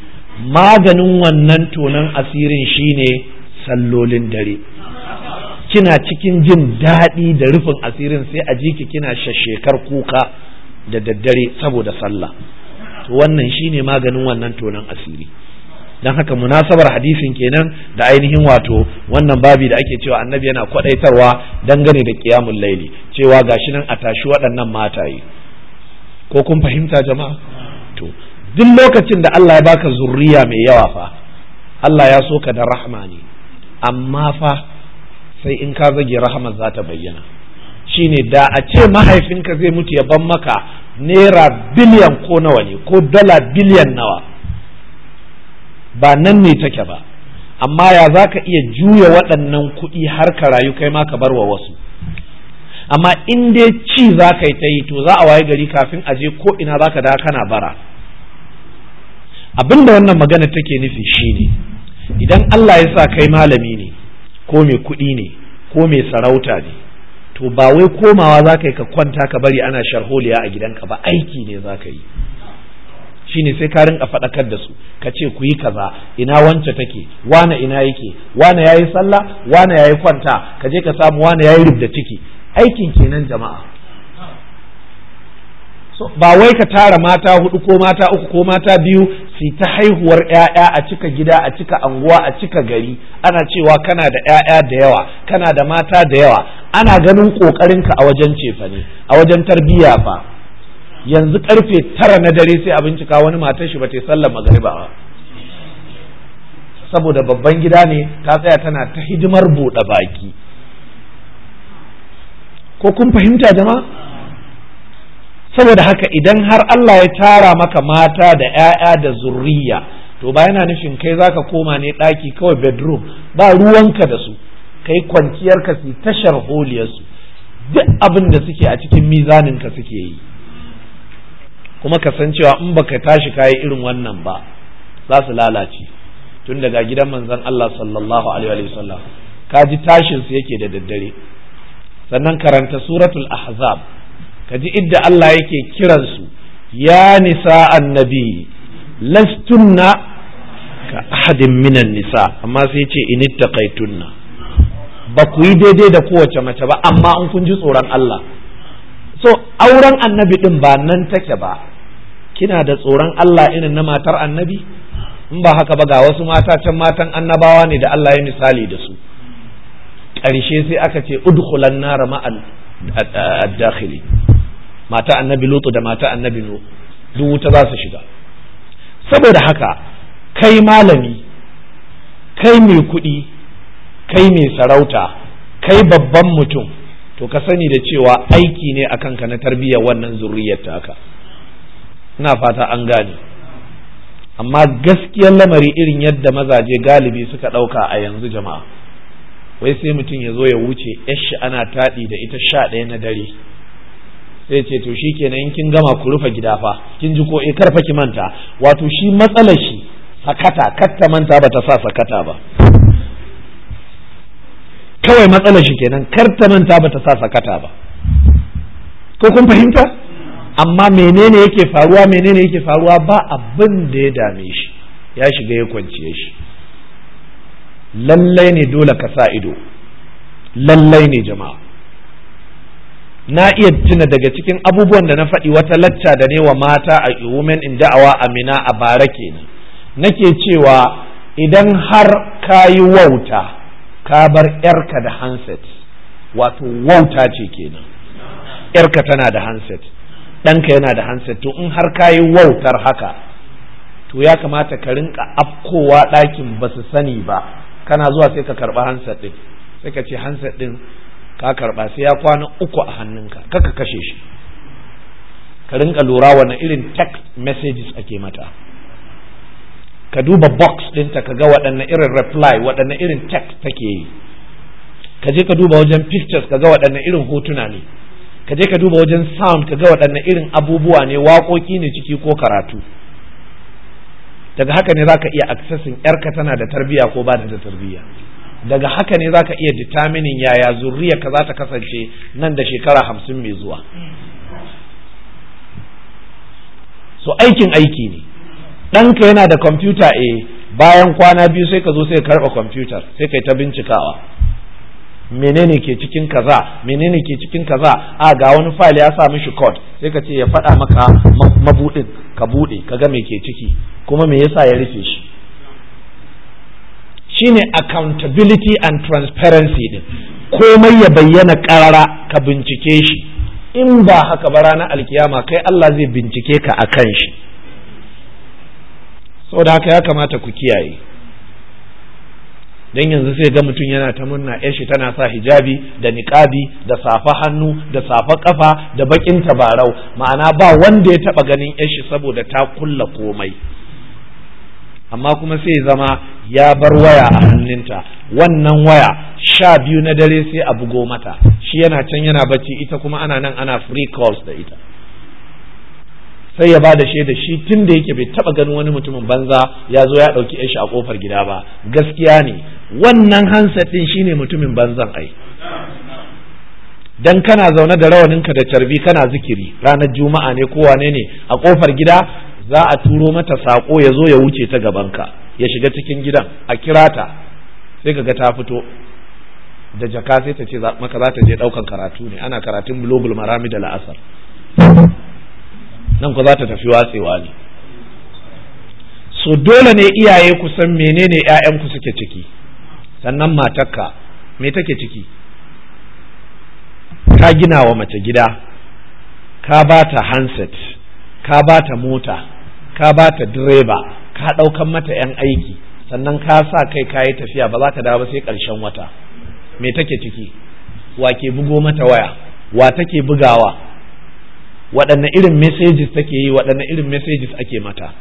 maganin wannan tonan asirin shine sallolin dare kina cikin jin daɗi da rufin asirin sai a jiki kina shashekar kuka da daddare saboda sallah to wannan shine maganin wannan tonan asiri dan haka munasabar hadisin kenan da ainihin wato wannan babi da ake cewa annabi yana kwadaitarwa dangane da kiyamun laili cewa gashi nan a tashi waɗannan mataye ko kun fahimta jama'a to duk lokacin da Allah ya baka zurriya mai yawa fa Allah ya so ka da rahama ne amma fa sai in ka zage rahama za ta bayyana shine da a ce mahaifinka zai mutu ya ban maka naira biliyan ko nawa ne ko dala biliyan nawa ba nan ne take ba amma ya za ka iya juya waɗannan kuɗi har ka rayu kai ma ka bar wa wasu amma in dai ci za ka yi ta yi to za a waye gari kafin a je ko ina za ka da kana bara abinda wannan magana take nufi shine idan Allah ya sa kai malami ne ko mai kuɗi ne ko mai sarauta ne to ba wai komawa za ka yi ka kwanta ka bari ana sharholiya a gidanka ba aiki ne za ka yi shine sai ka rinka faɗakar da su ka ce ku yi kaza ina wance take wane ina yake wane yi sallah wane yi kwanta ka je ka samu wane yi rubda ciki aikin kenan jama'a ba wai ka tara mata hudu ko mata uku ko mata biyu su ta haihuwar yaya a cika gida a cika anguwa a cika gari ana cewa kana da yaya da yawa kana da mata da yawa ana ganin ka a wajen cefa ne a wajen tarbiyya fa yanzu karfe tara na dare sai a bincika wani matar shi ba ta sallar magariba ba saboda babban gida ne ta tsaya tana ta hidimar buɗe baki ko kun fahimta jama'a saboda haka idan har Allah ya tara maka mata da 'ya'ya da zurriya to ba yana nufin kai zaka koma ne ɗaki kawai bedroom ba ruwanka da su kai kwanciyar ka su tashar holiyarsu duk abin da suke a cikin mizanin ka suke yi kuma ka san cewa in baka tashi kayi irin wannan ba za su lalace tun daga gidan manzon Allah sallallahu alaihi wasallam ka ji tashin su yake da daddare sannan karanta suratul ahzab kaji idda Allah yake kiransu ya nisa annabi lastunna ka ahadin minan nisa amma sai ce inittaqaitunna ba ku yi daidai da kowace mace ba amma an kun ji tsoron Allah so auren annabi din ba nan take ba kina da tsoron Allah irin na matar annabi in ba haka ba ga wasu mata can matan annabawa ne da Allah ya misali da su ƙarshe sai aka ce udkhulan nar ma'al ad-dakhili mata annabi lutu da mata annabi zo duk wuta za su shiga saboda haka kai malami kai mai kuɗi kai mai sarauta kai babban mutum to ka sani da cewa aiki ne a kanka na tarbiyyar wannan zurriyar haka. ina fata an gane amma gaskiyar lamari irin yadda mazaje galibi suka ɗauka a yanzu jama'a wai sai mutum ya zo ya wuce yashi ana taɗi da ita sha ɗaya na dare zai ce to shi kenan in kin gama ku rufe gida fa kin ji ko e eh, karfa ki manta wato shi matsalar shi sakata katta manta ba ta sa sakata ba kawai matsalar shi kenan karta manta ba ta sa sakata ba ko kun fahimta amma menene yake faruwa menene yake faruwa ba abin da ya dame shi ya shiga ya kwanciye shi lallai ne dole ka sa ido lallai ne jama'a na iya tuna daga cikin abubuwan da na faɗi wata lacca da ne wa mata a women in da'awa amina a bara kenan nake cewa idan har ka yi wauta ka bar yarka da handset wato wauta ce kenan yarka tana da handset ɗanka yana da handset to in har ka yi wautar haka to ya kamata ka rinka afkowa ɗakin ba su sani ba kana zuwa sai ka karɓi handset ɗin sai ka ce handset ɗin ka karba sai ya kwana uku a hannunka kaka kashe shi ka rinka lura wani irin text messages ake mata ka duba box ɗinta ka ga waɗanne irin reply waɗanne irin text take yi ka je ka duba wajen pictures ka ga waɗanne irin hotuna ne ka je ka duba wajen sound ka ga waɗanne irin abubuwa ne waƙoƙi ne ciki ko karatu daga haka ne za ka iya accessing yarka tana da tarbiya ko ba da tarbiyya daga haka ne zaka iya determining yaya zurriya ka za ta kasance nan da shekara hamsin mai zuwa so aikin aiki ne ɗanka yana da kwamfuta a eh, bayan kwana biyu sai ka zo sai karɓa kwamfutar sai ka yi ta bincikawa menene ke cikin kaza menene ke cikin kaza a ga wani fayil ya sa mishi code sai ka ce ya faɗa maka mabuɗin, ka buɗe, ka ga me ke ciki kuma me yasa ya rufe shi shine accountability and transparency din komai ya bayyana karara ka bincike shi in ba haka ba ranar alkiyama kai Allah zai bincike ka a kan shi da haka ya kamata ku kiyaye don yanzu sai ga mutum yana ta murna shi tana sa hijabi da niƙabi da safa hannu da safa ƙafa da baƙin tabarau ma'ana ba wanda ya taɓa ganin shi saboda ta kulla komai amma kuma sai zama ya bar waya a hannunta wannan waya sha biyu na dare sai a bugo mata shi yana can yana bacci ita kuma ana nan ana free calls da ita sai ya bada shaida shi tun da yake bai taba ganin wani mutumin banza ya zo ya dauki shi a kofar gida ba gaskiya ne wannan hansa din ne mutumin banzan ai dan kana zaune da rawaninka da carbi kana zikiri ranar juma'a ne ko wane ne a kofar gida za a turo mata saƙo ya zo ya wuce ta gabanka ya shiga cikin gidan a kira ta sai ka ga ta fito da jaka sai ta ce maka za ta je ɗaukan karatu ne ana karatun global marami da la'asar nan ku za ta tafi watsewa ne so dole ne iyaye ku san menene 'ya'yanku suke ciki sannan matakka me take ciki ka gina wa mace gida ka ba ta handset ka ba ta mota ka ba ta direba ka ɗaukan mata 'yan aiki sannan ka sa kai ka yi tafiya ba za ka dawo sai ƙarshen wata me take ciki wa ke bugo mata waya wa take bugawa waɗanne irin messages take yi waɗanne irin messages ake mata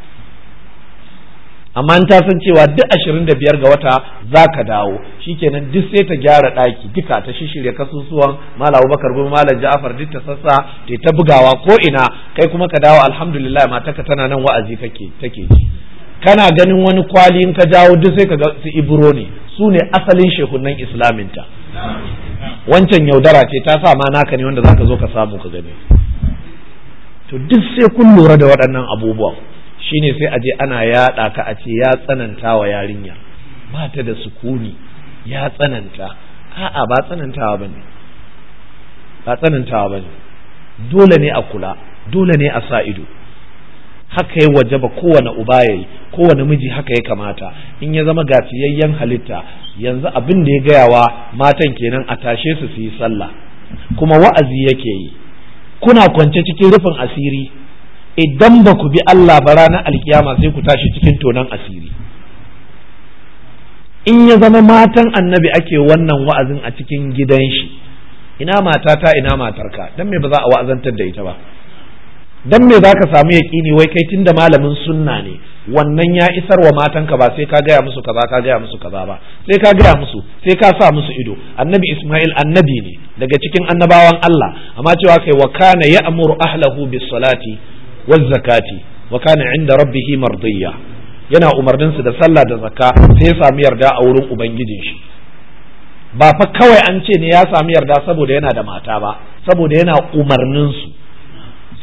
amma in ta san cewa duk ashirin da biyar ga wata za ka dawo shikenan duk sai ta gyara ɗaki duka ta shishirya kasusuwan mala bakar gumi malam ja'afar duk ta sassa ta ta bugawa ko ina kai kuma ka dawo alhamdulillah mataka tana nan wa'azi kake take ji kana ganin wani kwali in ka jawo duk sai ka ga su ibro ne su ne asalin shehunan islaminta wancan yaudara ce ta sa ma naka ne wanda zaka zo ka samu ka gani to duk sai kun lura da waɗannan abubuwa shine sai a je ana yaɗa ka a ce ya tsananta wa yarinya ba ta da sukuni ya tsananta a'a ba tsanantawa bane ba tsanantawa ne dole ne a kula dole ne a sa ido haka ya ba, kowane uba ya yi kowane miji haka ya kamata in ya zama gaciyayyen halitta yanzu abin da ya gayawa matan kenan a tashe su su yi sallah kuma wa'azi yake yi kuna kwance cikin rufin asiri idan ba ku bi Allah ba ranar alkiyama sai ku tashi cikin tonon asiri in ya zama matan annabi ake wannan wa'azin a cikin gidan shi ina matata ina matarka dan me ba za a wa'azantar da ita ba dan me za ka samu yaƙini wai kai tunda malamin sunna ne wannan ya isar wa matanka ba sai ka gaya musu kaza ka gaya musu kaza ba sai ka gaya musu sai ka sa musu ido annabi isma'il annabi ne daga cikin annabawan Allah amma cewa kai wa kana ya'muru ahlahu bis salati wal zakati wa kana inda rabbih mardiya yana umarninsu su da sallah da zakka sai ya sami yarda a wurin ubangijin shi ba fa kawai an ce ne ya sami yarda saboda yana da mata ba saboda yana umarnin su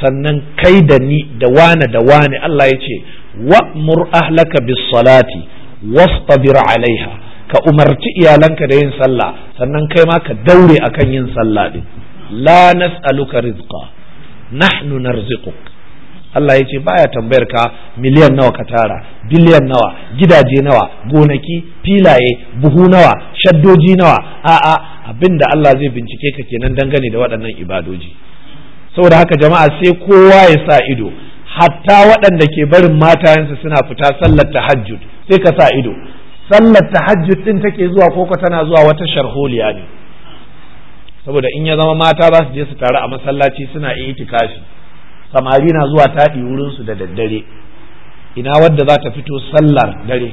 sannan kai da ni da wane da wane Allah ya ce wa'mur ahlaka bis salati wastabir alaiha ka umarci iyalanka da yin sallah sannan kai ma ka daure akan yin sallah din la nas'aluka rizqa nahnu narziquk Allah ya ce baya tambayar ka miliyan nawa ka tara biliyan nawa gidaje nawa gonaki filaye buhu nawa shaddoji nawa a'a abinda Allah zai bincike ka kenan dangane da waɗannan ibadoji saboda haka jama'a sai kowa ya sa ido hatta waɗanda ke barin matayensu suna fita sallar tahajjud sai ka sa ido sallar tahajjud din take zuwa koko tana zuwa wata sharholiya ne saboda in ya zama mata za su je su taru a masallaci suna itikafi samari na zuwa taɗi wurinsu da daddare ina wadda za ta fito sallar dare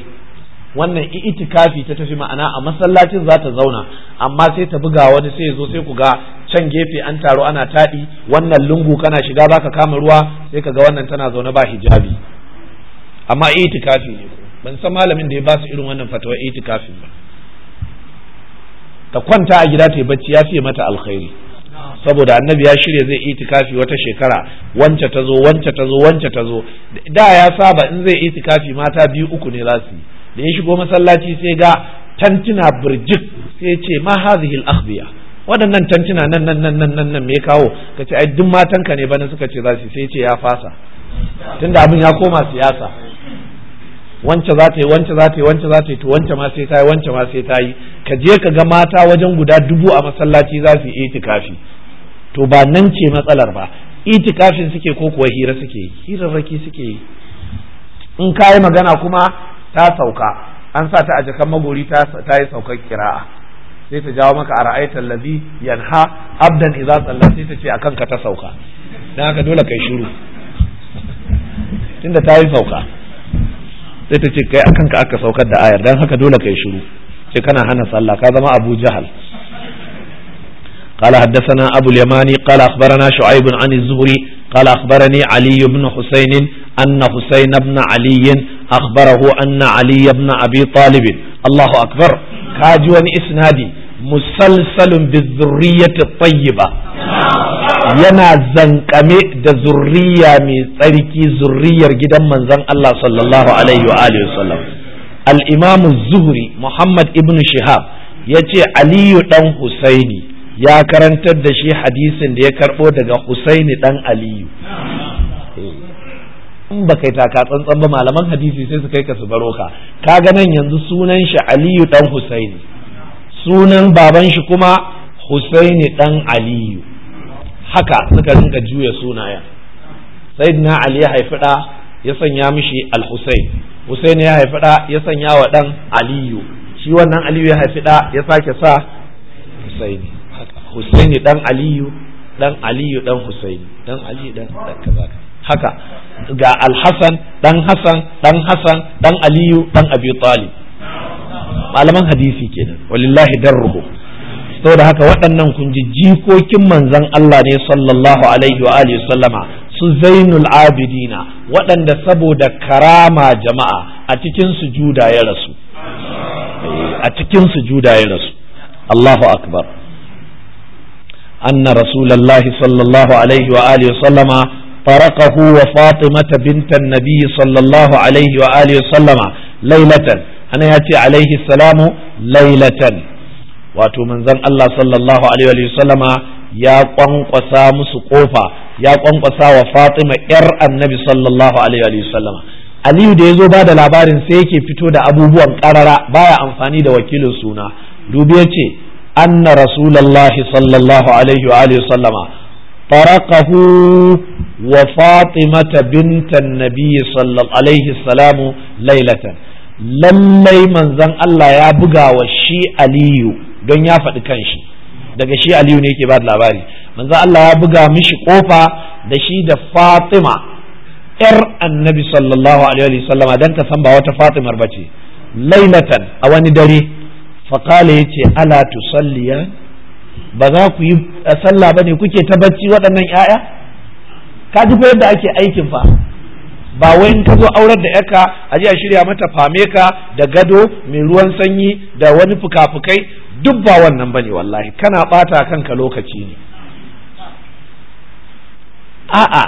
wannan itikafi ta tafi ma'ana a masallacin za ta zauna amma sai ta buga wani sai zo sai ku ga can gefe an taro ana taɗi wannan lungu kana shiga za ka kama ruwa sai ka ga wannan tana zaune ba hijabi amma itikafi ne ban san malamin da ya ba su irin wannan fatawa itikafin ba ta kwanta a gida ta yi bacci ya fiye mata alkhairi saboda annabi ya shirya zai itikafi wata shekara wance ta zo wance ta zo wance ta zo da ya saba in zai itikafi mata biyu uku ne za su yi da ya shigo masallaci sai ga tantuna birjik sai ce ma hadhihi akhbiya waɗannan tantuna nan nan nan nan nan me kawo kace ai duk matan ka ne bana suka ce za su sai ce ya fasa tunda abin ya koma siyasa wance za ta yi wance za ta yi wance za ta yi to wance ma sai ta yi wance ma sai ta yi ka je ka ga mata wajen guda dubu a masallaci za su yi itikafi to ba nan ce matsalar ba itikafin suke ko kuwa hira suke yi hirarraki suke yi in ka yi magana kuma ta sauka an sa ta a jakan magori ta yi saukar kira'a sai ta jawo maka a ra'aitar lazi yanha abdan iza tsalla sai ta ce a kanka ta sauka don haka dole kai shiru tunda ta yi sauka sai ta ce kai a kanka aka saukar da ayar don haka dole kai shiru sai kana hana sallah ka zama abu jahal قال حدثنا أبو اليماني قال أخبرنا شعيب عن الزهري قال أخبرني علي بن حسين أن حسين بن علي أخبره أن علي بن أبي طالب الله أكبر كاجوا إسنادي مسلسل بالذرية الطيبة yana zankame da zurriya mai tsarki zurriyar gidan manzon Allah sallallahu alaihi wa alihi wasallam zuhri muhammad ibn shihab ce aliyu dan husaini ya karantar da shi hadisin da ya karbo daga husaini dan aliyu eh. in ba kai taka tsantsan ba malaman hadisi sai su kai ka su baro ka kaga nan yanzu sunan shi aliyu dan husaini sunan baban shi kuma husaini dan aliyu haka suka rinka juya sunayen sayyidina ali ya haifi da ya sanya mishi al-husain husaini ya haifi da ya sanya wa dan aliyu shi wannan aliyu ya haifi da ya sake sa husaini Husaini dan Aliyu dan Aliyu dan Husaini dan Aliyu dan kaza haka ga Al-Hasan dan Hasan dan Hasan dan Aliyu dan Abi Talib malaman hadisi kenan walillahi darruhu saboda haka waɗannan kun ji jikokin manzon Allah ne sallallahu alaihi wa alihi sallama su Zainul Abidina waɗanda saboda karama jama'a a cikin sujuda ya rasu a cikin sujuda ya rasu Allahu akbar أن رسول الله صلى الله عليه وآله وسلم فرقه وفاطمة بنت النبي صلى الله عليه وآله وسلم ليلة أنا يأتي عليه السلام ليلة wato manzon Allah sallallahu alaihi wa sallama ya ƙwanƙwasa musu ƙofa ya ƙwanƙwasa wa Fatima yar Annabi sallallahu alaihi wa sallama Aliyu da ya zo ba da labarin sai yake fito da abubuwan karara baya amfani da wakilin suna dubi ce. anna rasulallahi sallallahu alaihi wa alihi sallama faraqahu wa fatimata bintan nabiyyi sallallahu alaihi salamu lailatan lallai manzon Allah ya buga wa shi aliyu don ya faɗi kanshi daga shi aliyu ne yake ba da labari manzon Allah ya buga mishi ƙofa da shi da fatima yar annabi sallallahu alaihi wa sallama ta san ba wata fatimar bace lailatan a wani dare faƙala ya ce ala tusalliya ba za ku yi sallah ba ne kuke ta bacci waɗannan 'ya'ya ka ji fa yadda ake aikin fa ba wai in ka zo aurar da yaka a ji a shirya mata fame ka da gado mai ruwan sanyi da wani fuka-fukai duk ba wannan ne wallahi kana ɓata kanka lokaci ne a'a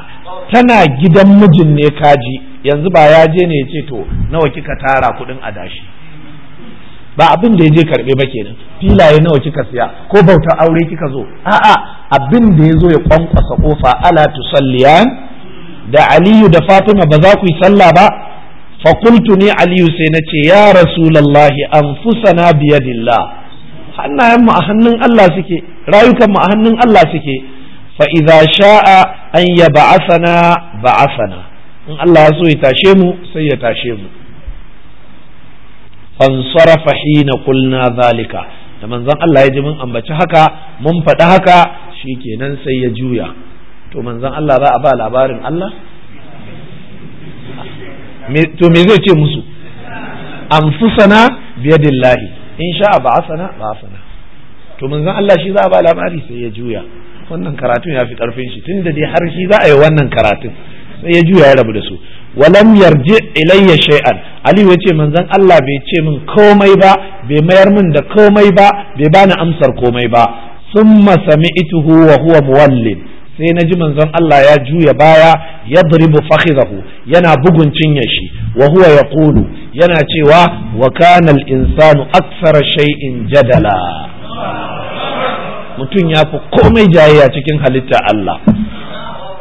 tana gidan mijin ne kaji yanzu ba ya je ne ya ce to nawa kika tara kuɗin adashi ba abin da ya je karbe ba kenan filaye nawa kika siya ko bautar aure kika zo a'a abin da ya zo ya kwankwasa kofa ala tusalliyan da aliyu da fatima ba za ku yi sallah ba fa ne ni aliyu sai na ce ya rasulullahi anfusana biyadillah hannayen mu a hannun Allah suke rayukan mu a hannun Allah suke fa idza sha'a an yab'athana ba'athana in Allah ya so ya tashe mu sai ya tashe mu fansarafa na kulna zalika da manzon Allah ya ji mun ambaci haka mun faɗi haka shikenan sai ya juya to manzon Allah za a ba labarin Allah to me zai ce musu anfusana biyadillahi in sha ba'asana sana. to manzon Allah shi za a ba labari sai ya juya wannan karatun ya fi karfin shi tunda dai har shi za a yi wannan karatun sai ya juya ya rabu da su walam yarji ilayya shay'an ali ya ce manzon Allah bai ce min komai ba bai mayar min da komai ba bai bani amsar komai ba summa sami'tuhu wa huwa muwallin sai na ji manzon Allah ya juya baya ya duribu fakhidahu yana bugun cinye shi wa huwa yaqulu yana cewa wa kana al-insanu aksara shay'in jadala mutum ya fi komai jayayya cikin halitta Allah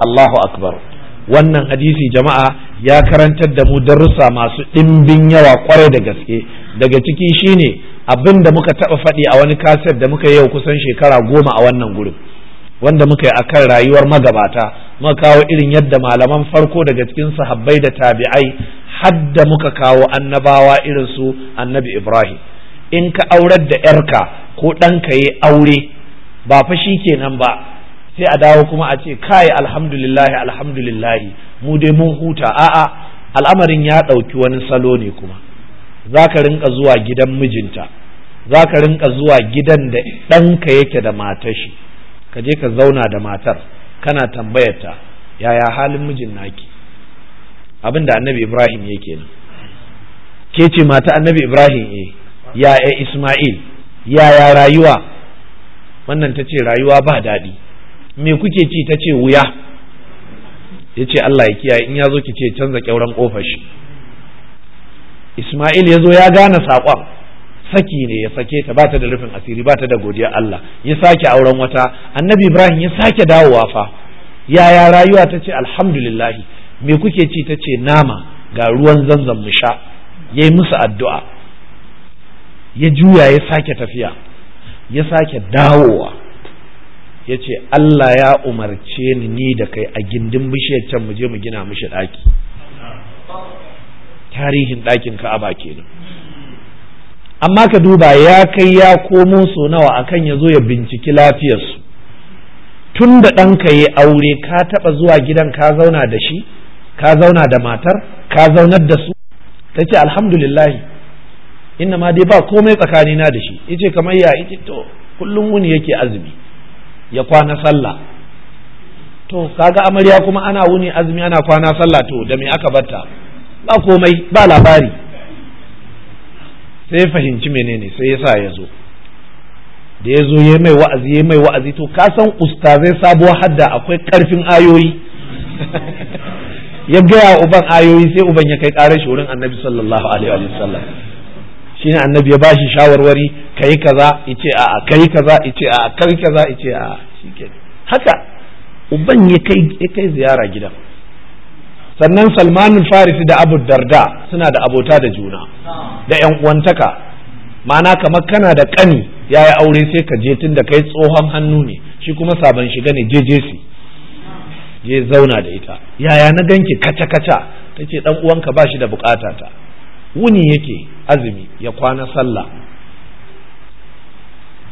Allahu akbar wannan hadisi jama'a ya karantar da mu darussa masu ɗimbin yawa kwarai da gaske daga ciki shine abin da muka taɓa faɗi a wani kaset da muka yi yau kusan shekara goma a wannan gurin wanda muka yi a kan rayuwar magabata muka kawo irin yadda malaman farko daga cikin sahabbai da tabi'ai hadda muka kawo annabawa irin su annabi ibrahim in ka aurar da yarka ko ɗanka ya aure ba fa shi kenan ba sai a dawo kuma a ce kai alhamdulillahi alhamdulillahi mu dai mun huta a'a al'amarin ya ɗauki wani salo ne kuma za ka rinka zuwa gidan mijinta za ka rinka zuwa gidan da ɗanka yake da matar shi ka je ka zauna da matar kana tambayarta yaya halin mijin naki abin da annabi ibrahim yake nan ke ce mata annabi ibrahim e ya eh, isma'il yaya rayuwa wannan ta ce rayuwa ba daɗi me kuke ci ta ce wuya ya ce Allah ya kiyaye in ya zo ki ce canza kyauran ƙofar shi Ismail ya zo ya gane saƙon saki ne ya sake ta bata da rufin asiri bata da godiya Allah ya sake auren wata annabi Ibrahim ya sake dawowa fa yaya rayuwa ta ce alhamdulillahi me kuke ci ta ce nama ga ruwan zanzan mu sha ya yi musu addu'a ya juya ya sake tafiya ya sake dawowa ya ce Allah ya umarce ni ni da kai a gindin bishiyar can mu je mu gina mishi ɗaki tarihin ɗakin ka'aba kenan amma ka duba ya kai ya komo so nawa akan ya zo ya binciki lafiyarsu tun da ɗanka ya aure ka taɓa zuwa gidan ka zauna da shi ka zauna da matar ka zaunar da su ta ce alhamdulillahi inna ma dai ba komai tsakanina da shi ya kamar ya ita to kullum wuni yake azumi ya kwana sallah to kaga amarya kuma ana wuni azumi ana kwana sallah to da me aka batta ba komai ba labari sai fahimci menene sai ya sa ya zo da ya zo ya mai wa'azi ya mai wa'azi to ka san ustazai sabuwar hadda akwai karfin ayoyi ya gaya uban ayoyi sai uban ya kai ƙarar wurin annabi sallallahu alaihi wa sallam shine annabi ya bashi shawarwari kai kaza yace a'a kai kaza yace a'a kai kaza yace a'a shikenan haka uban ya kai ya kai ziyara gidan sannan Salman Farisi da Abu Darda suna da abota da juna da ƴan uwantaka ma'ana kamar kana da kani yayi aure sai ka je tunda kai tsohon hannu ne shi kuma sabon shiga ne jejesi je zauna da ita yaya na ganki kaca kaca tace dan uwanka bashi da bukata ta wuni yake azumi ya kwana sallah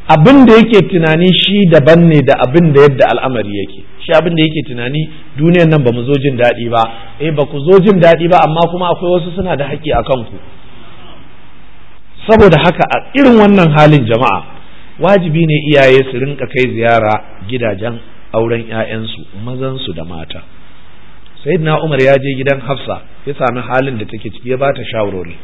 abin da yake tunani shi daban ne da abin da yadda al'amari yake shi abin da yake tunani duniyan nan ba mu zo jin daɗi ba eh ba ku zo jin daɗi ba amma kuma akwai wasu suna da haƙƙi a kanku saboda haka a irin wannan halin jama'a wajibi ne iyaye su rinka kai ziyara gidajen auren 'ya'yansu mazansu da mata sayyidina umar ya je gidan hafsa ya sami halin da take ciki ya bata shawarori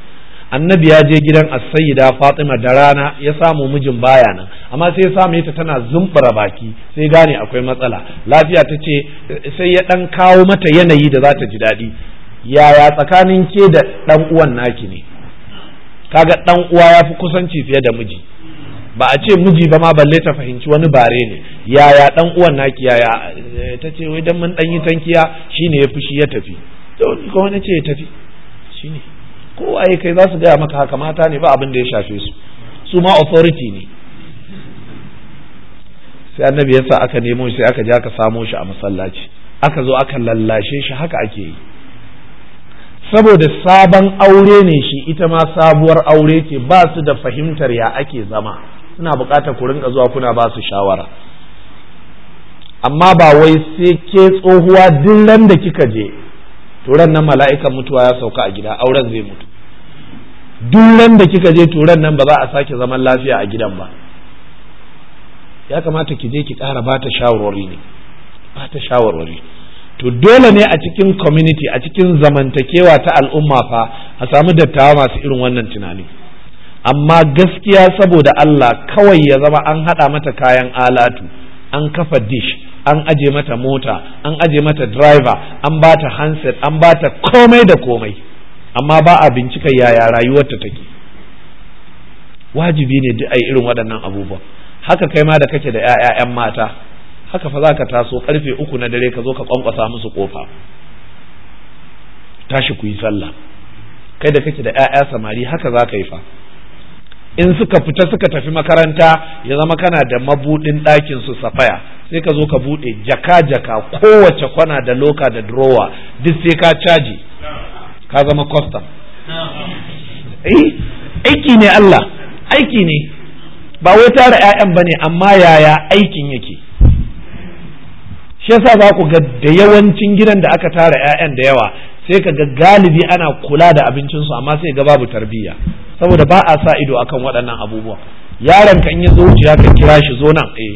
annabi ya je gidan Asayida, fatima da rana ya samu mijin baya nan amma sai ya same ta tana zumbura baki sai gane akwai matsala lafiya ta ce sai ya dan kawo mata yanayi da za ta ji daɗi yaya tsakanin ke da dan uwan naki ne kaga dan uwa ya fi kusanci fiye da miji ba a ce miji ba ma balle ta fahimci wani bare ne yaya dan uwan naki yaya eh, ta ce wai dan mun dan yi tankiya shine ya fushi ya tafi to ni ko wani ce ya tafi shine ko ai kai za su gaya maka haka mata ne ba abin da ya shafe su su ma authority ne sai annabi yasa aka nemo shi sai aka je aka samo shi a masallaci aka zo aka lallashe shi haka ake yi saboda sabon aure ne shi ita ma sabuwar aure ce ba su da fahimtar ya ake zama suna bukatar ku rinka zuwa kuna ba su shawara amma ba wai sai ke tsohuwa duk ran da kika je to ran nan mala'ikan mutuwa ya sauka a gida auren zai mutu duk ran da kika je to ran nan ba za a sake zaman lafiya a gidan ba ya kamata ki je ki kara ba ta shawarwari ne ba ta shawarwari to dole ne a cikin community a cikin zamantakewa ta al'umma fa a samu dattawa masu irin wannan tunani amma gaskiya saboda Allah kawai ya zama an haɗa mata kayan alatu an kafa dish an aje mata mota an aje mata driver an ba ta handset an ba ta komai da komai amma ba a bincika yaya rayuwarta take wajibi ne duk ai irin waɗannan abubuwa haka kai ma da kake da 'ya'yan mata haka fa za ka taso karfe uku na dare ka zo ka kwankwasa musu kofa tashi ku yi sallah kai da kake da 'ya'ya samari haka za ka yi fa in suka fita suka tafi makaranta ya zama kana da mabudin ɗakin su safaya sai ka zo ka buɗe jaka-jaka kowace kwana da loka da drowa duk sai ka caji ka zama custom eh, aiki ne Allah aiki ne ba wai tara 'ya'yan ba ne amma yaya aikin yake shi yasa za ku ga da yawancin gidan da aka tara 'ya'yan da yawa sai ka ga galibi ana kula da abincin su amma sai ga babu tarbiyya saboda ba a sa ido akan waɗannan abubuwa yaron ka in ya zo wuciya ka kira shi zo nan eh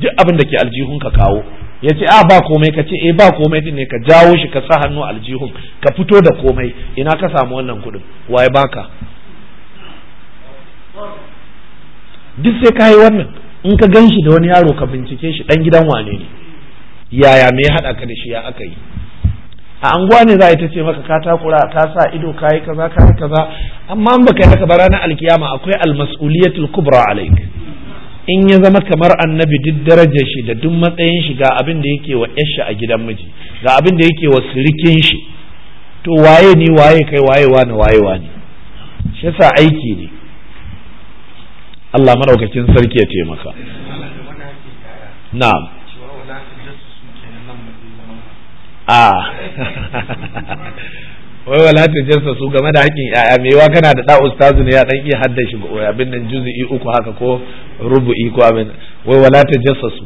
duk abin da ke aljihun ka kawo ya ce a ah, ba komai ka ce eh ba komai din ne ka jawo shi ka sa hannu aljihun ka fito da komai ina ka samu wannan kuɗin waye baka duk sai ka yi wannan in ka gan da wani yaro ka bincike shi dan gidan wane ne yaya me ya haɗa ka da shi ya aka yi a anguwa ne za a yi ta ce maka ka takura ta sa ido ka yi kaza ka yi kaza amma an baka yi haka ba ranar alkiyama akwai almas'uliyatul kubra alaik in ya zama kamar annabi duk darajar shi da duk matsayin shi ga abin da yake wa yashi a gidan miji ga abin da yake wa sirikin shi to waye ni waye kai waye wani waye wani shi yasa aiki ne Allah madaukakin sarki ya taimaka na'am a ah. wai wala jinsa su game da hakkin yaya wa kana da da ustazu ne ya dan iya haddashi abin nan juz'i uku haka ko rubu'i ko abin wai wala jinsa su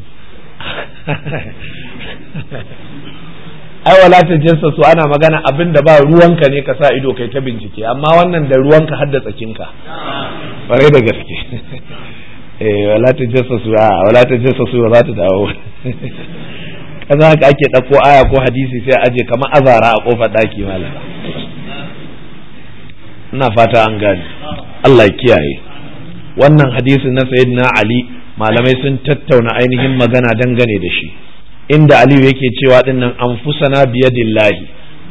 ai wala jinsa su ana magana abin da ba ruwanka ne ka sa ido kai ta bincike amma wannan da ruwanka hadda kinka bare da gaske eh wala jinsa su a ah, wala jinsa su ba za ta dawo kaza haka ake ɗauko aya ko hadisi sai aje kamar azara a kofar ɗaki malam ina fata an gane Allah ya kiyaye wannan hadisin na sayyidina Ali malamai sun tattauna ainihin magana dangane da shi inda Aliyu yake cewa dinnan anfusana biyadillahi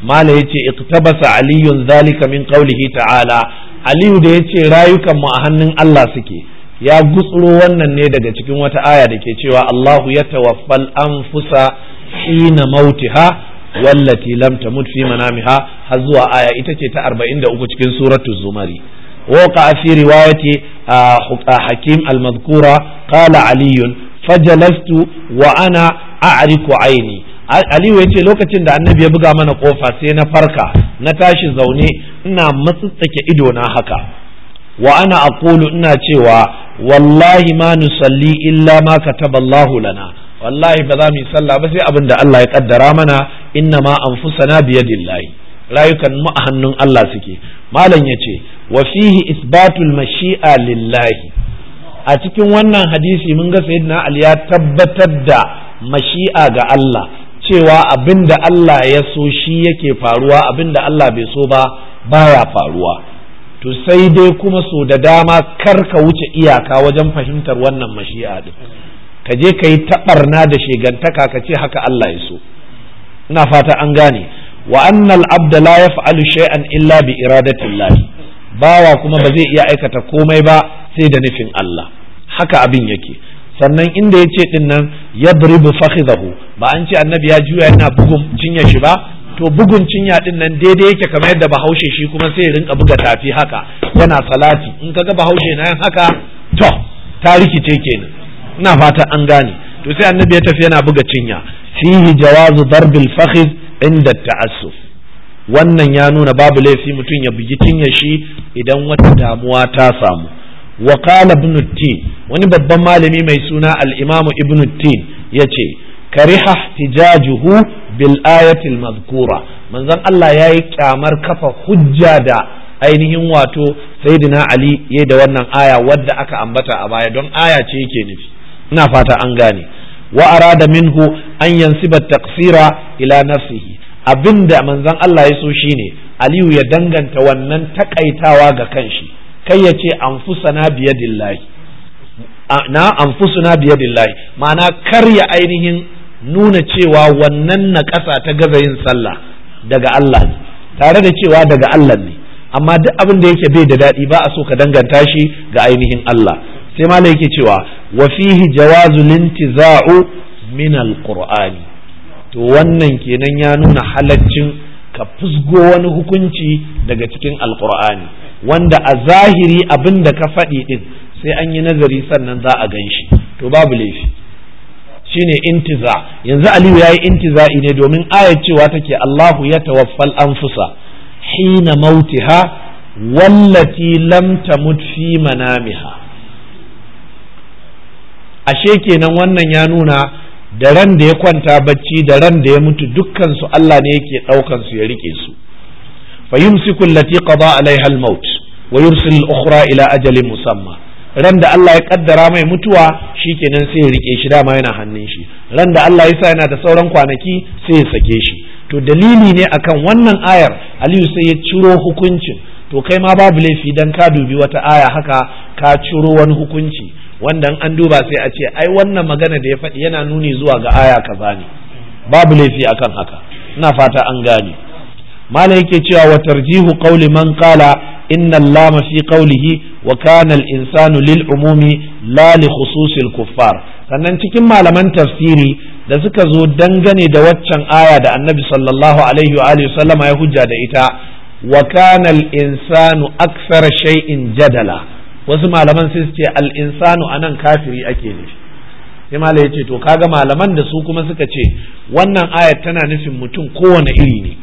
mala yace iqtabasa aliyun zalika min qawlihi ta'ala aliyu da yace rayukan mu a hannun Allah suke ya gutsuro wannan ne daga cikin wata aya da ke cewa Allahu yatawaffal anfusa hina mautiha wallati lam tamut fi manamiha har zuwa aya ita ce ta 43 cikin suratul zumari وقع a رواية حكيم المذكورة قال علي fajalastu wa ana a'riku Aliyu ya ce lokacin da annabi ya buga mana kofa sai na farka na tashi zaune ina matsatsake idona haka wa ana aqulu ina cewa wallahi ma nusalli illa ma kataballahu lana wallahi ba za mu yi sallah ba sai abin da Allah ya kaddara mana inna ma anfusana biyadillahi rayukan mu a hannun Allah suke malam yace wa fihi isbatul mashi'a lillahi a cikin wannan hadisi mun ga sayyidina Ali ya tabbatar da mashi'a ga Allah cewa abin da Allah ya so shi yake faruwa abin da Allah bai so ba baya faruwa to sai dai kuma so da dama kar ka wuce iyaka wajen fahimtar wannan mashi'a din ka je ka yi taɓarna da shegantaka ka ce haka Allah ya so ina fata an gane wa annal abda la yaf'alu shay'an illa bi iradatillah bawa kuma ba zai iya aikata komai ba sai da nufin Allah haka abin yake sannan inda yace din nan yadribu fakhidahu ba an ce annabi ya juya yana bugun cinya shi ba to bugun cinya din nan daidai yake kamar yadda bahaushe shi kuma sai ya rinka buga tafi haka yana salati in kaga bahaushe na haka to ta rikice kenan ina fata an gane to sai annabi ya tafi yana buga cinya fihi jawazu darbil fakhiz inda ta'assuf wannan ya nuna babu laifi mutum ya bugi cinyar shi idan wata damuwa ta samu wa qala ibn wani babban malami mai suna al-imam ibn tin yace kariha ihtijajuhu bil ayati al-madhkura manzon Allah yayi kyamar kafa hujja da ainihin wato sayyidina ali yayi da wannan aya wadda aka ambata a baya don aya ce yake nufi ina fata an gane wa arada minhu an yansiba taqsira ila nafsihi abinda manzon Allah ya so shine Aliyu ya danganta wannan takaitawa ga kanshi kai ya ce anfusana biyadillahi na anfusuna biyadillahi ma'ana karya ainihin nuna cewa wannan na ƙasa ta gaza yin sallah daga Allah ne tare da cewa daga Allah ne amma duk abin da yake bai da daɗi ba a so ka danganta shi ga ainihin Allah sai malai yake cewa Wafihi fihi jawazu lintiza'u min to wannan kenan ya nuna halaccin ka fusgo wani hukunci daga cikin alqur'ani wanda a zahiri abin da ka faɗi din sai an yi nazari sannan za a gan shi to babu laifi ne intiza yanzu aliyu yi intiza'i ne domin ayat cewa take Allahu ya tawaffal anfusa hina mautiha wallati lam tamut fi manamiha ashe kenan wannan ya nuna da ran da ya kwanta bacci da ran da ya mutu dukkan su Allah ne yake daukan su ya rike su fa yumsiku allati qada alaiha almaut wa yursil al ila ajalin musamma ran da Allah ya kaddara mai mutuwa shikenan sai ya rike shi dama yana hannun shi ran da Allah ya sa yana da sauran kwanaki sai ya sake shi to dalili ne akan wannan ayar Aliyu sai ya ciro hukuncin to kai ma babu laifi dan ka dubi wata aya haka ka ciro wani hukunci wanda an duba sai a ce ai wannan magana da ya faɗi yana nuni zuwa ga aya kaza ne babu laifi akan haka ina fata an gane mala yake cewa wa tarjihu qawli man qala inna allama fi qawlihi wa kana al insanu lil umumi la li khususil kuffar sannan cikin malaman tafsiri da suka zo dangane da waccan aya da annabi sallallahu alaihi wa alihi sallama ya hujja da ita wa kana al insanu akthara shay'in jadala wasu malaman sai su ce al-insanu nan kafiri ake ne. sai malai ya ce to kaga malaman da su kuma suka ce wannan ayat tana nufin mutum kowane iri ne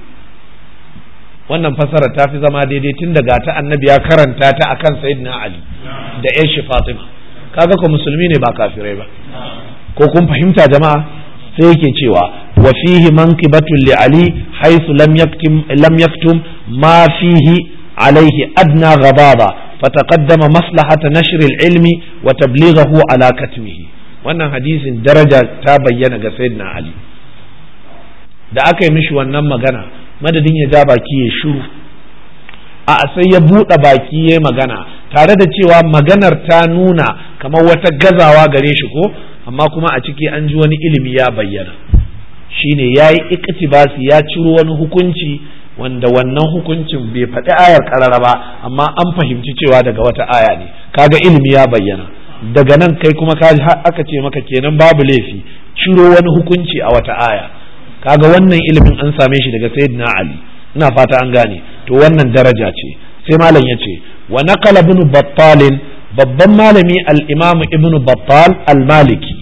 wannan fasara ta fi zama daidai tun daga ta annabi ya karanta ta akan sayyidina ali da shi fatima kaga ko musulmi ne ba kafirai ba ko kun fahimta jama'a sai yake cewa wa fihi manqibatun li ali haythu lam yaktum lam yaktum ma fihi alaihi adna ghababa فتقدم مصلحة نشر العلم وتبليغه على كتمه wannan hadisin daraja ta bayyana ga sayyidina ali da aka yi mishi wannan magana madadin ya ja baki ya shuru a sai ya buɗe baki ya magana tare da cewa maganar ta nuna kamar wata gazawa gare shi ko amma kuma a ciki an ji wani ilimi ya bayyana shine ya yi iktibasi ya ciro wani hukunci wanda wannan hukuncin bai faɗi ayar karara ba amma an fahimci cewa daga wata aya ne kaga ilimi ya bayyana daga nan kai kuma ka aka ce maka kenan babu laifi ciro wani hukunci a wata aya kaga wannan ilimin an same shi daga sayyidina ali ina fata an gane to wannan daraja ce sai malam yace wa naqala ibn battal babban malami al-imam ibn battal al-maliki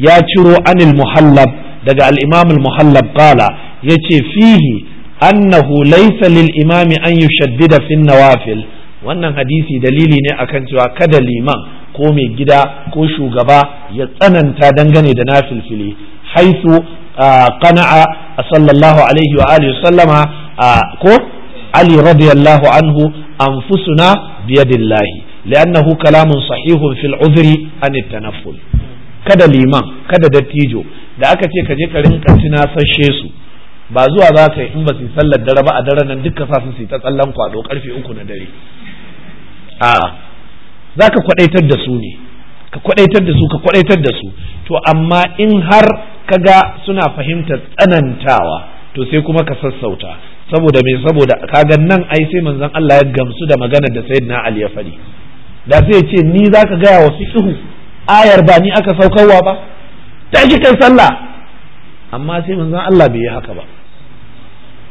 ya ciro anil muhallab daga al-imam al-muhallab qala yace fihi annahu laysa lil imami an yushaddida fi nawafil wannan hadisi dalili ne akan cewa kada liman ko mai gida ko shugaba ya tsananta dangane da nafilfili haisu a sallallahu alaihi wa alihi sallama ko ali radiyallahu anhu anfusuna biyadillahi li'annahu kalamun sahihun fil uzri an tanafful kada liman kada dattijo da aka ce ka je ka rinka tunasashe su ba zuwa za ka yi in ba su sallar dare ba a dare nan duka sa su su ta tsallan kwado karfe uku na dare a za ka kwadaitar da su ne ka kwadaitar da su ka kwadaitar da su to amma in har ka ga suna fahimtar tsanantawa to sai kuma ka sassauta saboda me saboda ka ga nan ai sai manzon Allah ya gamsu da maganar da sayyidina Ali ya fari. da sai ya ce ni za ka gaya wa fiqhu ayar ba ni aka saukarwa ba tashi kan sallah amma sai manzon Allah bai yi haka ba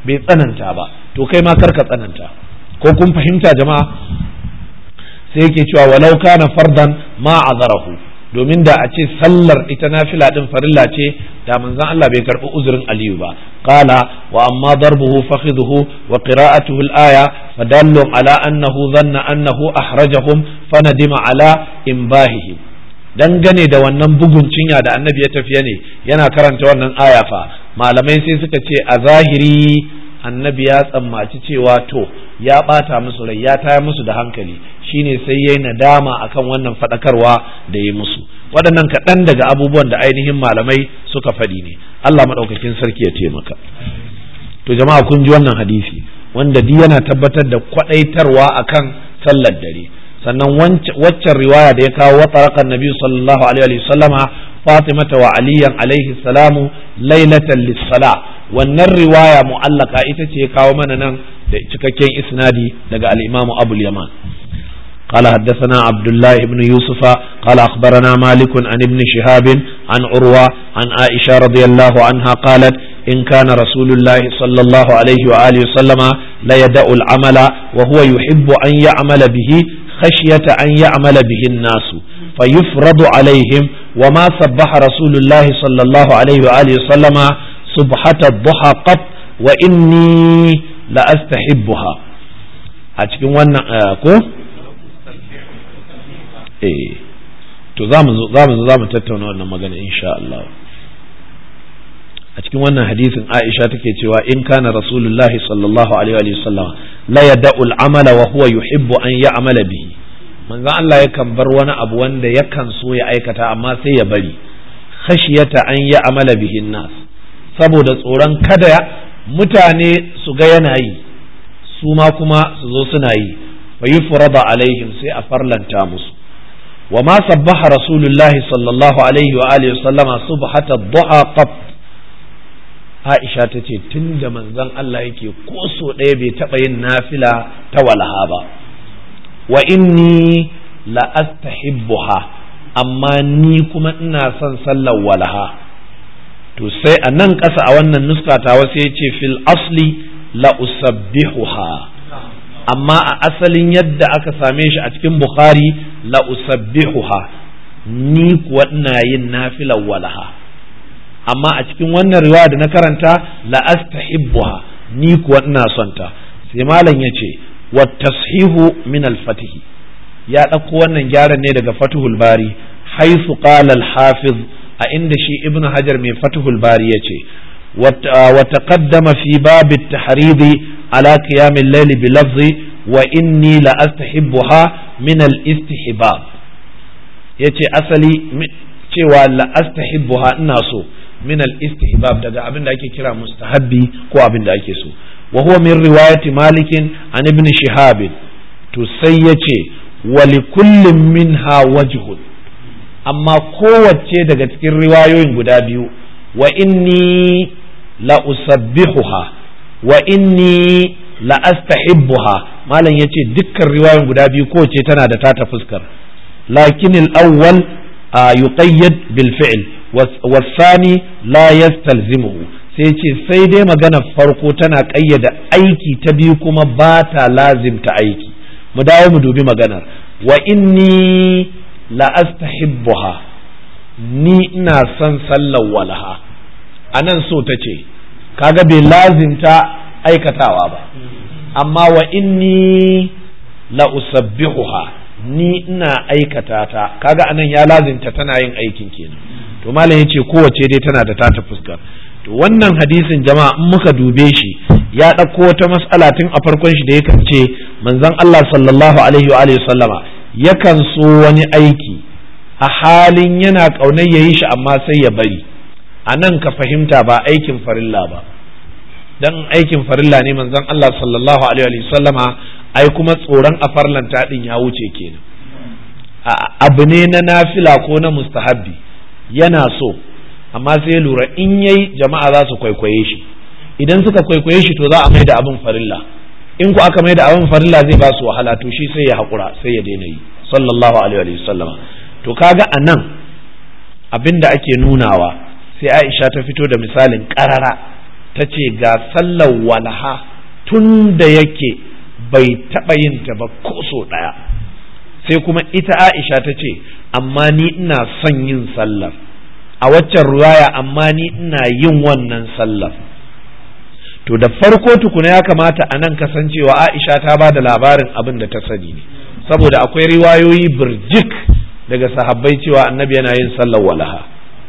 bai tsananta ba to kai ma karka tsananta ko kun fahimta jama'a sai yake cewa walau kana fardan ma azarahu domin da a ce sallar ita nafila din farilla ce da manzon Allah bai karbi uzurin Aliyu ba qala wa amma darbuhu fakhidhu wa qira'atuhu al-aya fadallu ala annahu dhanna annahu ahrajahum fanadima ala imbahihi dangane da wannan bugun cinya da annabi ya tafiya ne yana karanta wannan aya fa malamai sai suka ce a zahiri annabi ya tsammaci cewa to ya bata musu rai ya taya musu da hankali shine sai yayi nadama akan wannan fadakarwa da ya musu waɗannan kaɗan daga abubuwan da ainihin malamai suka faɗi ne Allah maɗaukakin sarki ya taimaka to jama'a kun ji wannan hadisi wanda duk yana tabbatar da kwaɗaitarwa akan sallar dare sannan waccan riwaya da ya kawo wa tarakan nabi sallallahu alaihi wa fatima fatimata wa aliyan alaihi salamu lailatan lissala wannan riwaya mu'allaka ita ce ya kawo mana nan da cikakken isnadi daga al abul yaman قال حدثنا عبد الله بن يوسف قال أخبرنا مالك عن ابن شهاب عن عروة عن عائشة رضي الله عنها قالت إن كان رسول الله صلى الله عليه وآله وسلم لا يدع العمل وهو يحب أن يعمل به khashyata an ya'mala bihin nasu fa yufradu alaihim wa ma sabbaha rasulullahi sallallahu alaihi wa alihi sallama subhata dhuha qat wa inni la astahibbuha a wannan eh, a cikin wannan hadisin Aisha take cewa in kana rasulullahi sallallahu alaihi wa sallam la yada'ul amala wa huwa yuhibbu an ya'mala bihi manzo Allah yakan bar wani abu wanda yakan so ya aikata amma sai ya bari khashiyata an ya'mala bihi nas saboda tsoron kada mutane su ga yana yi su ma kuma su zo suna yi fa yufrada alaihim sai a farlanta musu وما صبح رسول alaihi wa الله wa وآله وسلم صبحة الضحى قط Aisha ta ce tun da manzon Allah yake ko so ɗaya bai taɓa yin nafila ta walaha ba wa inni la amma ni kuma ina son sallar walaha to sai a nan ƙasa a wannan nuskata wasu ya ce fil asli la usabbihuha amma a asalin yadda aka same shi a cikin bukhari la usabbihuha ni kuwa ina yin nafilar walaha amma a cikin wannan riwaya da na karanta la astahibbuha ni kuwa ina son ta sai malam yace wa tashihu min al fatihi ya ɗauko wannan gyaran ne daga fatuhul bari haisu qala al hafiz a inda shi ibnu hajar mai fatuhul bari yace wa taqaddama fi bab at tahrid ala qiyam al layl bi lafzi wa inni la astahibbuha min al istihbab yace asali cewa la astahibbuha ina so min al-istihbab daga abin da ake kira mustahabbi ko abin da ake so wa huwa min riwayati malikin an ibn shihab to sai yace wali kullin minha wajhun amma kowace daga cikin riwayoyin guda biyu wa inni la usabbihuha wa inni la astahibbuha malam yace dukkan riwayoyin guda biyu kowace tana da tata fuskar lakin al-awwal yuqayyad bil fi'l wasani la yastalzimuhu sai ce sai dai magana farko tana ƙayyada aiki ta biyu kuma ba ta lazimta aiki mu dawo mu dubi maganar wa inni la astahibbuha ni ina son sallar walaha anan so ta ce kaga bai lazimta aikatawa ba amma wa inni la usabbihuha ni ina aikata ta kaga anan ya lazimta tana yin aikin kenan to malam ce kowace dai tana da tata fuska to wannan hadisin jama'a in muka dube shi ya ɗauko wata mas'ala tun a farkon shi da yakan ce manzon Allah sallallahu alaihi wa alihi sallama yakan so wani aiki a halin yana ƙaunar yayi shi amma sai ya bari anan ka fahimta ba aikin farilla ba dan aikin farilla ne manzon Allah sallallahu alaihi wa sallama ai kuma tsoron a farlanta din ya wuce kenan abu ne na nafila ko na mustahabbi yana so amma sai lura in yayi jama'a za su kwaikwaye shi idan suka kwaikwaye shi to za a mai da abin farilla in ku aka mai da abin farilla zai ba su wahala to shi sai ya haƙura sai ya daina yi sallallahu alaihi wa sallam to kaga a nan abin da ake nunawa sai aisha ta fito da misalin ƙarara ta ce ga sallar walaha tun da yake bai taɓa yin ta ba ko so ɗaya sai kuma ita aisha ta ce amma ni ina son yin sallar a waccan ruwaya amma ni ina yin wannan sallar to da farko tukuna ya kamata a nan kasancewa aisha ta ba da labarin abin da ta sani ne saboda akwai riwayoyi birjik daga sahabbai cewa annabi yana yin sallar walaha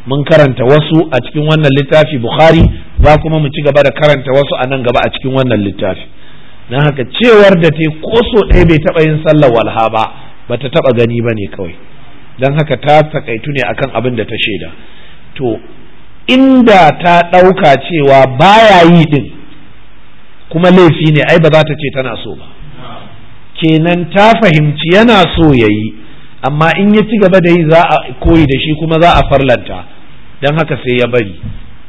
mun karanta wasu a cikin wannan littafi bukhari za kuma mu ci gaba da karanta wasu a nan gaba a cikin wannan littafi na haka cewar da ta ko so ɗaya bai taɓa yin sallar walha ba bata ta taɓa gani ba ne kawai don haka ta takaitu ne akan abin da ta shaida to inda ta ɗauka cewa baya yi din kuma laifi ne ai ba za ta ce tana so ba kenan ta fahimci yana so ya yi amma in ya ci gaba da yi za a koyi da shi kuma za a farlanta don haka sai ya bari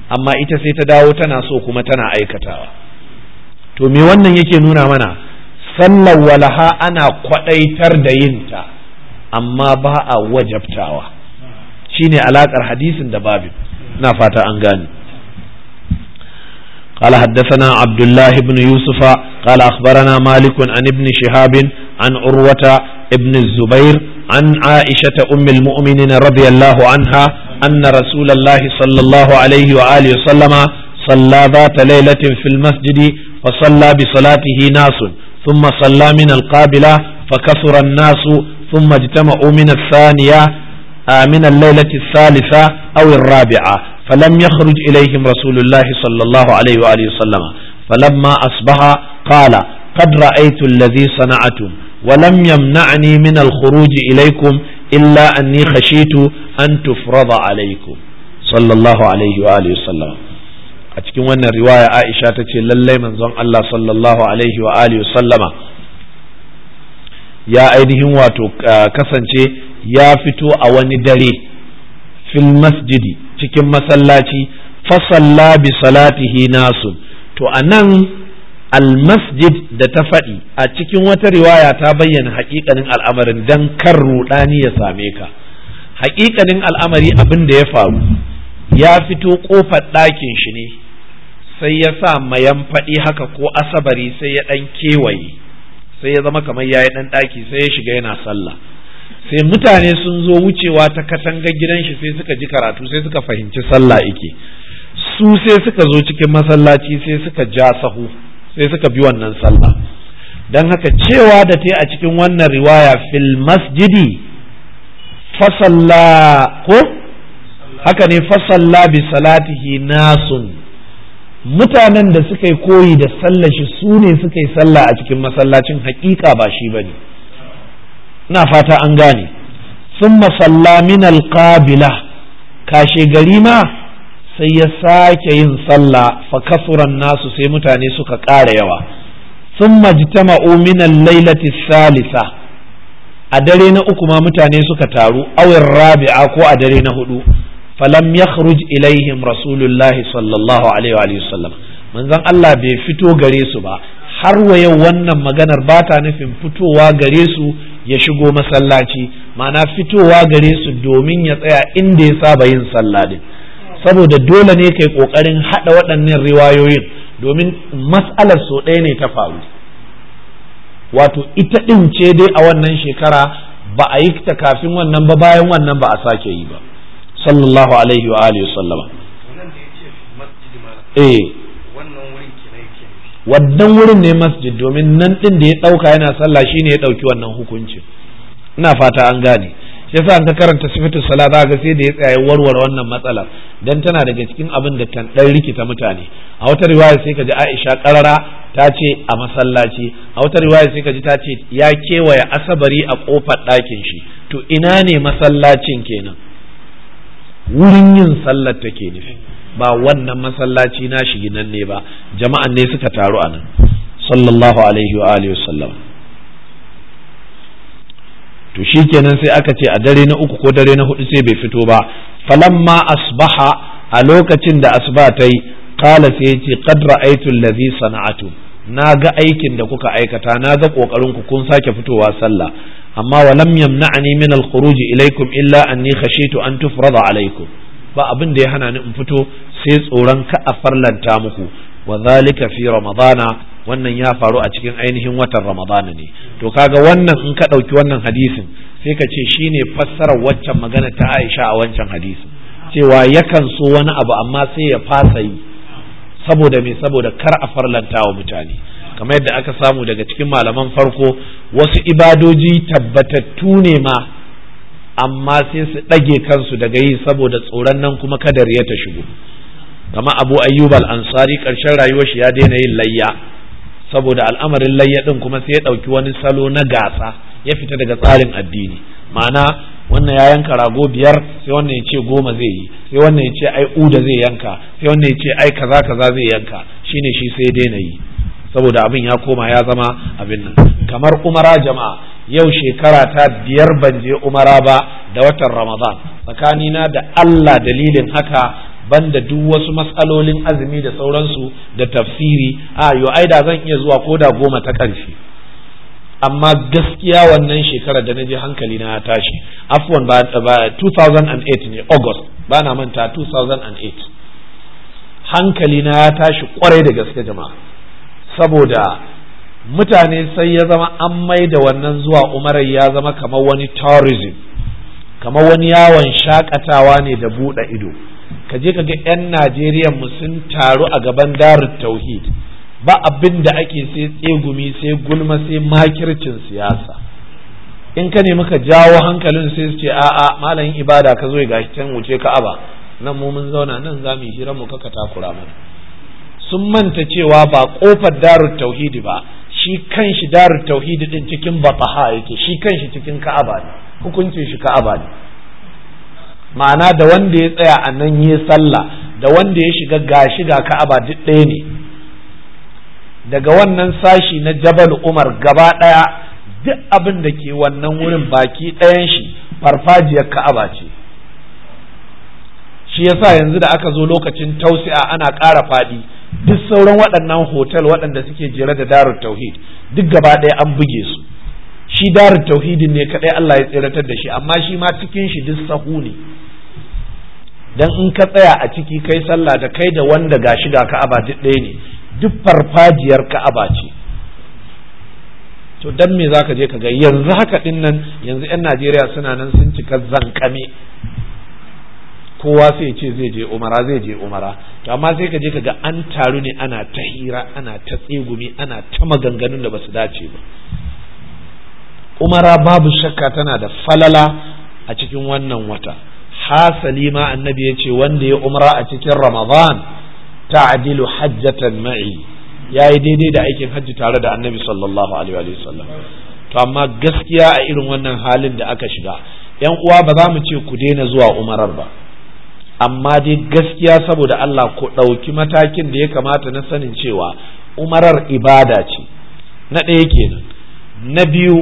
amma ita sai ta dawo tana so kuma tana aikatawa to me wannan yake nuna mana sannan walaha ana kwadaitar da yinta amma ba a wajabtawa shine alakar hadisin da babin na fata an gane قال حدثنا عبد الله بن يوسف قال أخبرنا مالك عن ابن شهاب عن عروة ابن الزبير عن عائشة أم المؤمنين رضي الله عنها أن رسول الله صلى الله عليه وآله وسلم صلى ذات ليلة في المسجد فصلى بصلاته ناس thumma salla min alqabila fa kasura an-nasu thumma ijtama'u min ath-thaniya min al-lailati ath-thalitha aw ar-rabi'a falam yakhruj ilayhim rasulullahi sallallahu alayhi wa alihi wasallam falamma asbaha qala qad ra'aytu alladhi sana'atum ولم يمنعني من الخروج إليكم إلا أني خشيت أن تفرض عليكم صلى الله عليه وآله وسلم a cikin wannan riwaya Aisha ta ce lallai manzon Allah sallallahu alaihi wa alihi sallama ya ainihin wato kasance ya fito a wani dare fil masjidi cikin masallaci fasalla bi salatihi nasu to anan al masjid da ta faɗi a cikin wata riwaya ta bayyana haƙiƙanin al'amarin dan kar ruɗani ya same ka haƙiƙanin al'amari abin da ya faru ya fito ƙofar ɗakin shi ne sai ya sa mayan faɗi haka ko asabari sai ya ɗan kewaye sai ya zama kamar ya yi ɗan ɗaki sai ya shiga yana sallah sai mutane sun zo wucewa ta katanga gidan shi sai suka ji karatu sai suka fahimci sallah ike su sai suka zo cikin masallaci sai suka ja sahu sai suka bi wannan sallah don haka cewa da ta a cikin wannan riwaya fil masjidi fasalla ko haka ne fasalla bi salatihi nasun mutanen da suka yi koyi da sallar shi su ne suka yi sallah a cikin masallacin haƙiƙa ba shi ba ne. ina fata an gane sun masalla min alqabila kashe gari ma sai ya sake yin sallah fa kasuran nasu sai mutane suka ƙara yawa sun majtama'u min al-lailati salisa a dare na uku ma mutane suka taru awin rabi'a ko a dare na hudu falam yakhruj ilaihim rasulullahi sallallahu alaihi wa sallam manzon Allah bai fito gare su ba har wa yau wannan maganar ba ta nufin fitowa gare su ya shigo masallaci ma'ana fitowa gare su domin ya tsaya inda ya saba yin sallah din saboda dole ne kai kokarin hada waɗannan riwayoyin domin mas'alar so ɗaya ne ta faru wato ita ɗin ce dai a wannan shekara ba a yi ta kafin wannan ba bayan wannan ba a sake yi ba sallallahu alaihi wa alihi sallama eh wannan wurin ne masjid domin nan din da ya dauka yana sallah shine ya dauki wannan hukuncin ina fata an gane shi yasa an ka karanta sifatu sala za ga sai da ya tsaya warware wannan matsalar dan tana daga cikin abin da kan dan rikita mutane a wata riwaya sai ka ji Aisha karara ta ce a masallaci a wata riwaya sai ka ji ta ce ya kewaya asabari a kofar ɗakin shi to ina ne masallacin kenan wurin yin sallar take nufi ba wannan masallaci na shi nan ne ba jama'an ne suka taru a nan sallallahu alaihi wa alihi wasallam to shikenan sai aka ce a dare na uku ko dare na hudu sai bai fito ba falamma asbaha a lokacin da asba ta yi kala sai ce qad ra'aytu allazi sana'atu na ga aikin da kuka aikata na ga kokarin ku kun sake fitowa sallah amma wa lam yamna'ani min al-khuruj ilaykum illa anni khashitu an tufrada alaykum ba abin da ya hana ni in fito sai tsoron ka a farlanta muku wa zalika fi ramadana wannan ya faru a cikin ainihin watan ramadana ne to kaga wannan in ka ɗauki wannan hadisin sai ka ce shine fassarar waccan magana ta Aisha a wancan hadisin cewa yakan so wani abu amma sai ya fasa yi saboda me saboda kar a farlanta wa mutane kamar yadda aka samu daga cikin malaman farko wasu ibadoji tabbatattu ne ma amma sai su ɗage kansu daga yi saboda tsoron nan kuma kadar ya ta shigo kama abu ayyub ansari ƙarshen rayuwar shi ya daina yin layya saboda al'amarin layya ɗin kuma sai ya ɗauki wani salo na gasa ya fita daga tsarin addini ma'ana wannan ya yanka rago biyar sai wannan ya ce goma zai yi sai wannan ya ce ai uda zai yanka sai wannan ya ce ai kaza kaza zai yanka shine shi sai daina yi saboda abin ya koma ya zama abin nan kamar umara jama'a yau shekara ta biyar ban je umara ba da watan ramadan tsakanina da allah dalilin haka banda duk wasu matsalolin azumi da sauransu da tafsiri a yo ai da zan iya zuwa ko da goma ta ƙarshe amma gaskiya wannan shekarar da na je hankali na tashi afwan ba 2008 ne august ba na manta 2008 hankali na ya tashi kwarai da gaske jama'a saboda mutane sai ya zama an mai da wannan zuwa umarai ya zama kamar wani tourism kamar wani yawon shakatawa ne da buɗe ido ka je ka ga 'yan najeriya mu sun taru a gaban darin tauhid ba abin da ake sai tsegumi sai gulma sai makircin siyasa in ka nemi ka jawo hankalin sai su ce a'a malamin ibada ka zo ga can wuce ka aba, nan mu mun zauna nan za mu yi hiran mu ka takura mana sun manta cewa ba kofar darut tauhidi ba shi kanshi darut tauhidi din cikin bataha yake shi kanshi cikin ka'aba ne hukuncin shi ka'aba ne ma'ana da wanda ya tsaya a nan yi sallah da wanda ya shiga gashi ga ka'aba duk ɗaya ne daga wannan sashi na jabal umar gaba ɗaya duk abin da ke wannan wurin baki ɗayan shi farfajiyar ka'aba ce shi yasa yanzu da aka zo lokacin tausi'a ana ƙara faɗi duk sauran waɗannan hotel waɗanda suke jere da darut tauhid duk gaba ɗaya an buge su shi darut tauhidin ne kaɗai Allah ya tseratar da shi amma shi ma cikin shi duk sahu ne dan in ka tsaya a ciki kai sallah da kai da wanda ga shiga ka'aba duk ɗaya ne duk farfajiyar ka'aba ce to dan me zaka je ka ga yanzu haka dinnan yanzu yan Najeriya suna nan sun cika zankame kowa sai ce zai je umara zai je umara to amma sai ka je ka ga an taru ne ana ta hira ana ta tsegumi ana ta maganganun da basu dace ba umara babu shakka tana da falala a cikin wannan wata hasali ma annabi ya ce wanda ya umara a cikin ramadan adilu hajjatan ma'i ya yi daidai da aikin hajji tare da annabi sallallahu alaihi wa sallam to amma gaskiya a irin wannan halin da aka shiga yan uwa ba za mu ce ku daina zuwa umarar ba amma dai gaskiya saboda Allah ko ɗauki matakin da ya kamata na sanin cewa umarar ibada ce na ɗaya kenan na biyu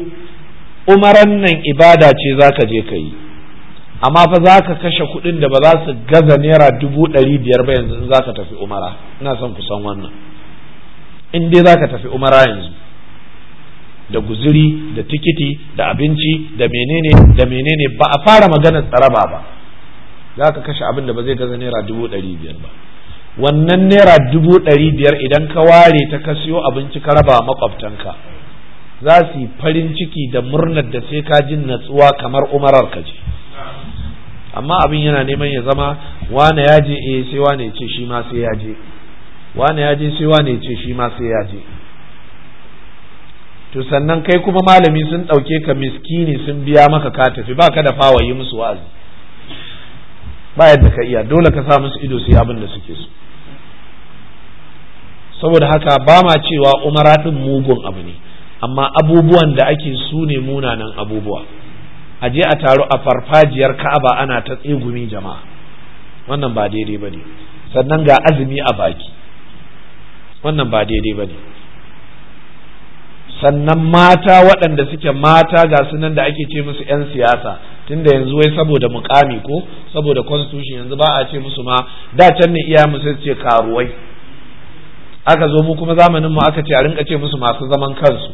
umaran nan ibada ce za ka je ka yi amma fa za ka kashe kuɗin da ba za su gaza naira dubu ɗari biyar ba yanzu in za ka tafi umara ina son ku san wannan in dai za ka tafi umara yanzu da guziri da tikiti da abinci da menene da menene ba a fara maganar tsaraba ba za ka kashe abin da ba zai gaza naira dubu ɗari biyar ba wannan naira dubu ɗari biyar idan ka ware ta ka siyo abinci ka raba makwabtanka za su yi farin ciki da murnar da sai ka jin natsuwa kamar umarar ka je amma abin yana neman ya zama wane ya je eh sai wane ce shi ma sai ya je wane ya je sai wane ce shi ma sai ya je to sannan kai kuma malami sun ɗauke ka miskini sun biya maka ka tafi ba ka da yi musu wa'azi ba yadda ka iya dole ka sa musu ido su yi abin da suke so saboda haka ba ma cewa umara din mugun abu ne amma abubuwan da ake su ne munanan abubuwa a je a taru a farfajiyar ka'aba ana ta tsegumi jama'a wannan ba daidai ba ne sannan ga azumi a baki wannan ba daidai ba ne sannan mata waɗanda suke mata ga sunan da ake ce musu 'yan siyasa tunda yanzu wai saboda mukami ko saboda constitution yanzu ba a ce musu ma da can ne iya musu ce karuwai aka zo mu kuma zamanin mu aka ce a rinka ce musu masu zaman kansu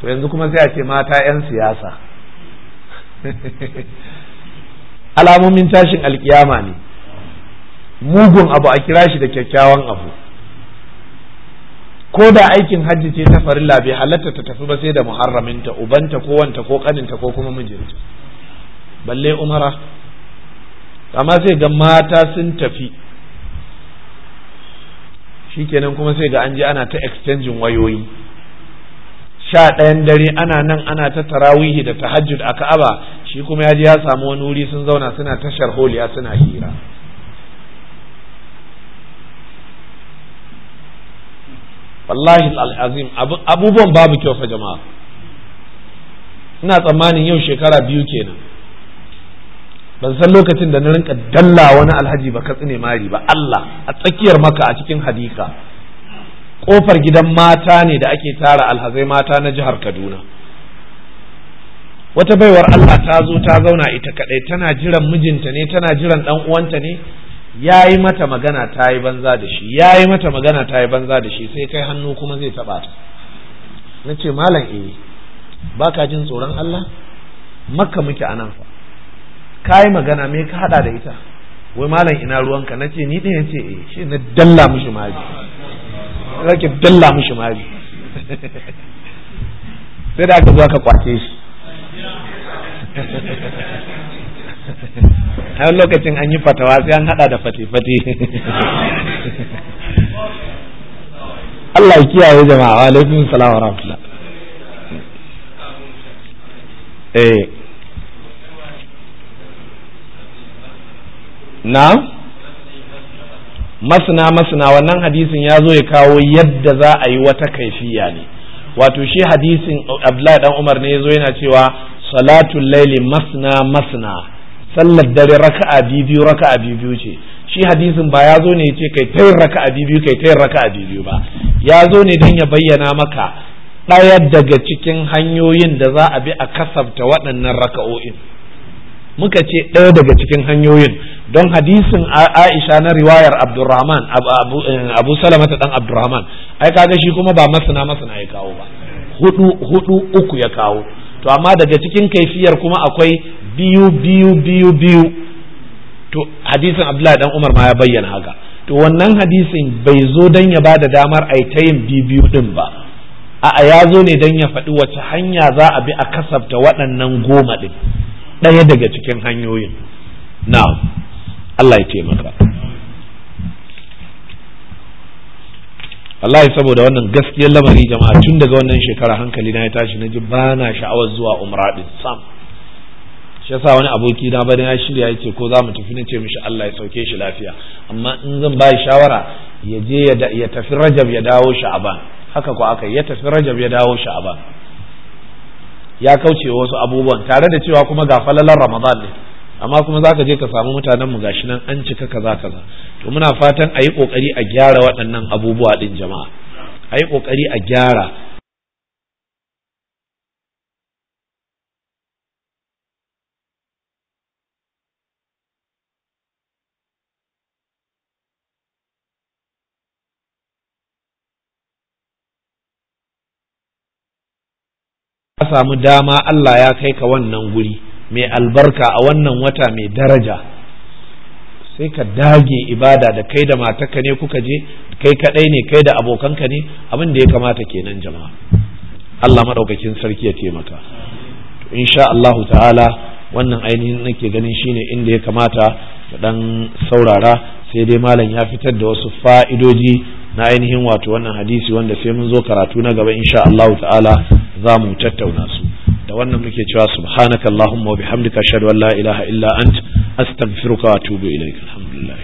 to yanzu kuma sai a ce mata yan siyasa alamomin tashin alkiyama ne mugun abu a kira shi da kyakkyawan abu ko da aikin hajji ce ta farilla bai halatta ta tafi ba sai da muharraminta ubanta ko wanta ko kaninta ko kuma mijinta balle umara amma sai ga mata sun tafi shikenan kuma sai ga an je ana ta exchanging wayoyi sha ɗayan dare ana nan ana ta tarawihi da tahajjud a ka'aba shi kuma ya ji ya samu wani wuri sun zauna suna tashar holiya suna hira wallahi al'azim abubuwan babu kyau fa jama'a ina tsammanin yau shekara biyu kenan ban san lokacin da na rinka dalla wani alhaji ba katsine mari ba Allah a tsakiyar maka a cikin hadika kofar gidan mata ne da ake tara alhazai mata na jihar Kaduna wata baiwar Allah ta zo ta zauna ita kadai tana jiran mijinta ne tana jiran dan uwanta ne yayi mata magana ta banza da shi yayi mata magana tayi banza da shi sai kai hannu kuma zai taba ta nace malam eh baka jin tsoron Allah makka muke anan fa kai magana me ka hada da ita wai malam ina ruwanka nace ni din yace eh shi na dalla mishi mari rake dalla mishi mari sai da aka zo aka kwace shi a lokacin an yi fatawa sai an hada da fate-fate Allah ya kiyaye jama'a wa alaikum salam wa rahmatullah eh na masna masna wannan hadisin ya zo ya kawo yadda za a yi wata kaifiya ne wato shi hadisin abdullahi dan umar ne ya zo yana cewa salatul laili masna masna sallar dare raka'a biyu a biyu ce shi hadisin ba ya zo ne ce kai ta yin a biyu kai ta yin a biyu ba ya zo ne don ya bayyana maka ɗaya daga cikin hanyoyin da za a bi a kasafta waɗannan raka'o'in muka ce ɗaya daga cikin hanyoyin don hadisin Aisha na riwayar Abdurrahman eh, Abu, Salama ta dan Abdurrahman ai kaga shi kuma ba masana masana ya kawo ba hudu hudu uku ya kawo to amma daga cikin kaifiyar kuma akwai biyu biyu biyu biyu to hadisin Abdullahi dan Umar ma ya bayyana haka to wannan hadisin bai zo dan ya bada damar ai ta yin biyu din ba a'a ya zo ne dan ya faɗi wace hanya za a bi a kasafta waɗannan goma din ɗaya daga cikin hanyoyin na'am Allah ya taimaka wallahi saboda wannan gaskiyar lamari jama'a tun daga wannan shekara hankali na ya tashi na ji ba na sha'awar zuwa umra din sam shi yasa wani aboki na bada ya shirya yake ko za mu tafi na ce mishi Allah ya sauke shi lafiya amma in zan ba shawara ya je ya tafi Rajab ya dawo Sha'ban haka ko aka ya tafi Rajab ya dawo Sha'ban ya kauce wasu abubuwan tare da cewa kuma ga falalar Ramadan ne amma kuma zaka je ka samu mutanen mu gashi nan an cika kaza kaza to muna fatan a yi kokari a gyara waɗannan abubuwa din jama'a a yi kokari a gyara samu dama Allah ya kai ka wannan guri mai albarka a wannan wata mai daraja sai ka dage ibada da kai da matarka ne kuka je kai kadai ne kai da abokanka ne abin da ya kamata kenan jama'a Allah maɗaukakin sarki ya taimaka insha Allahu ta'ala wannan ainihin nake ganin shine inda ya kamata da dan saurara sai dai malam ya fitar da wasu fa'idoji na ainihin wato wannan hadisi wanda sai mun zo karatu na gaba insha Allah ta'ala za mu tattauna su da wannan muke cewa subhanakallahumma wa bihamdika ashhadu an la ilaha illa ant astaghfiruka wa atubu ilaik alhamdulillah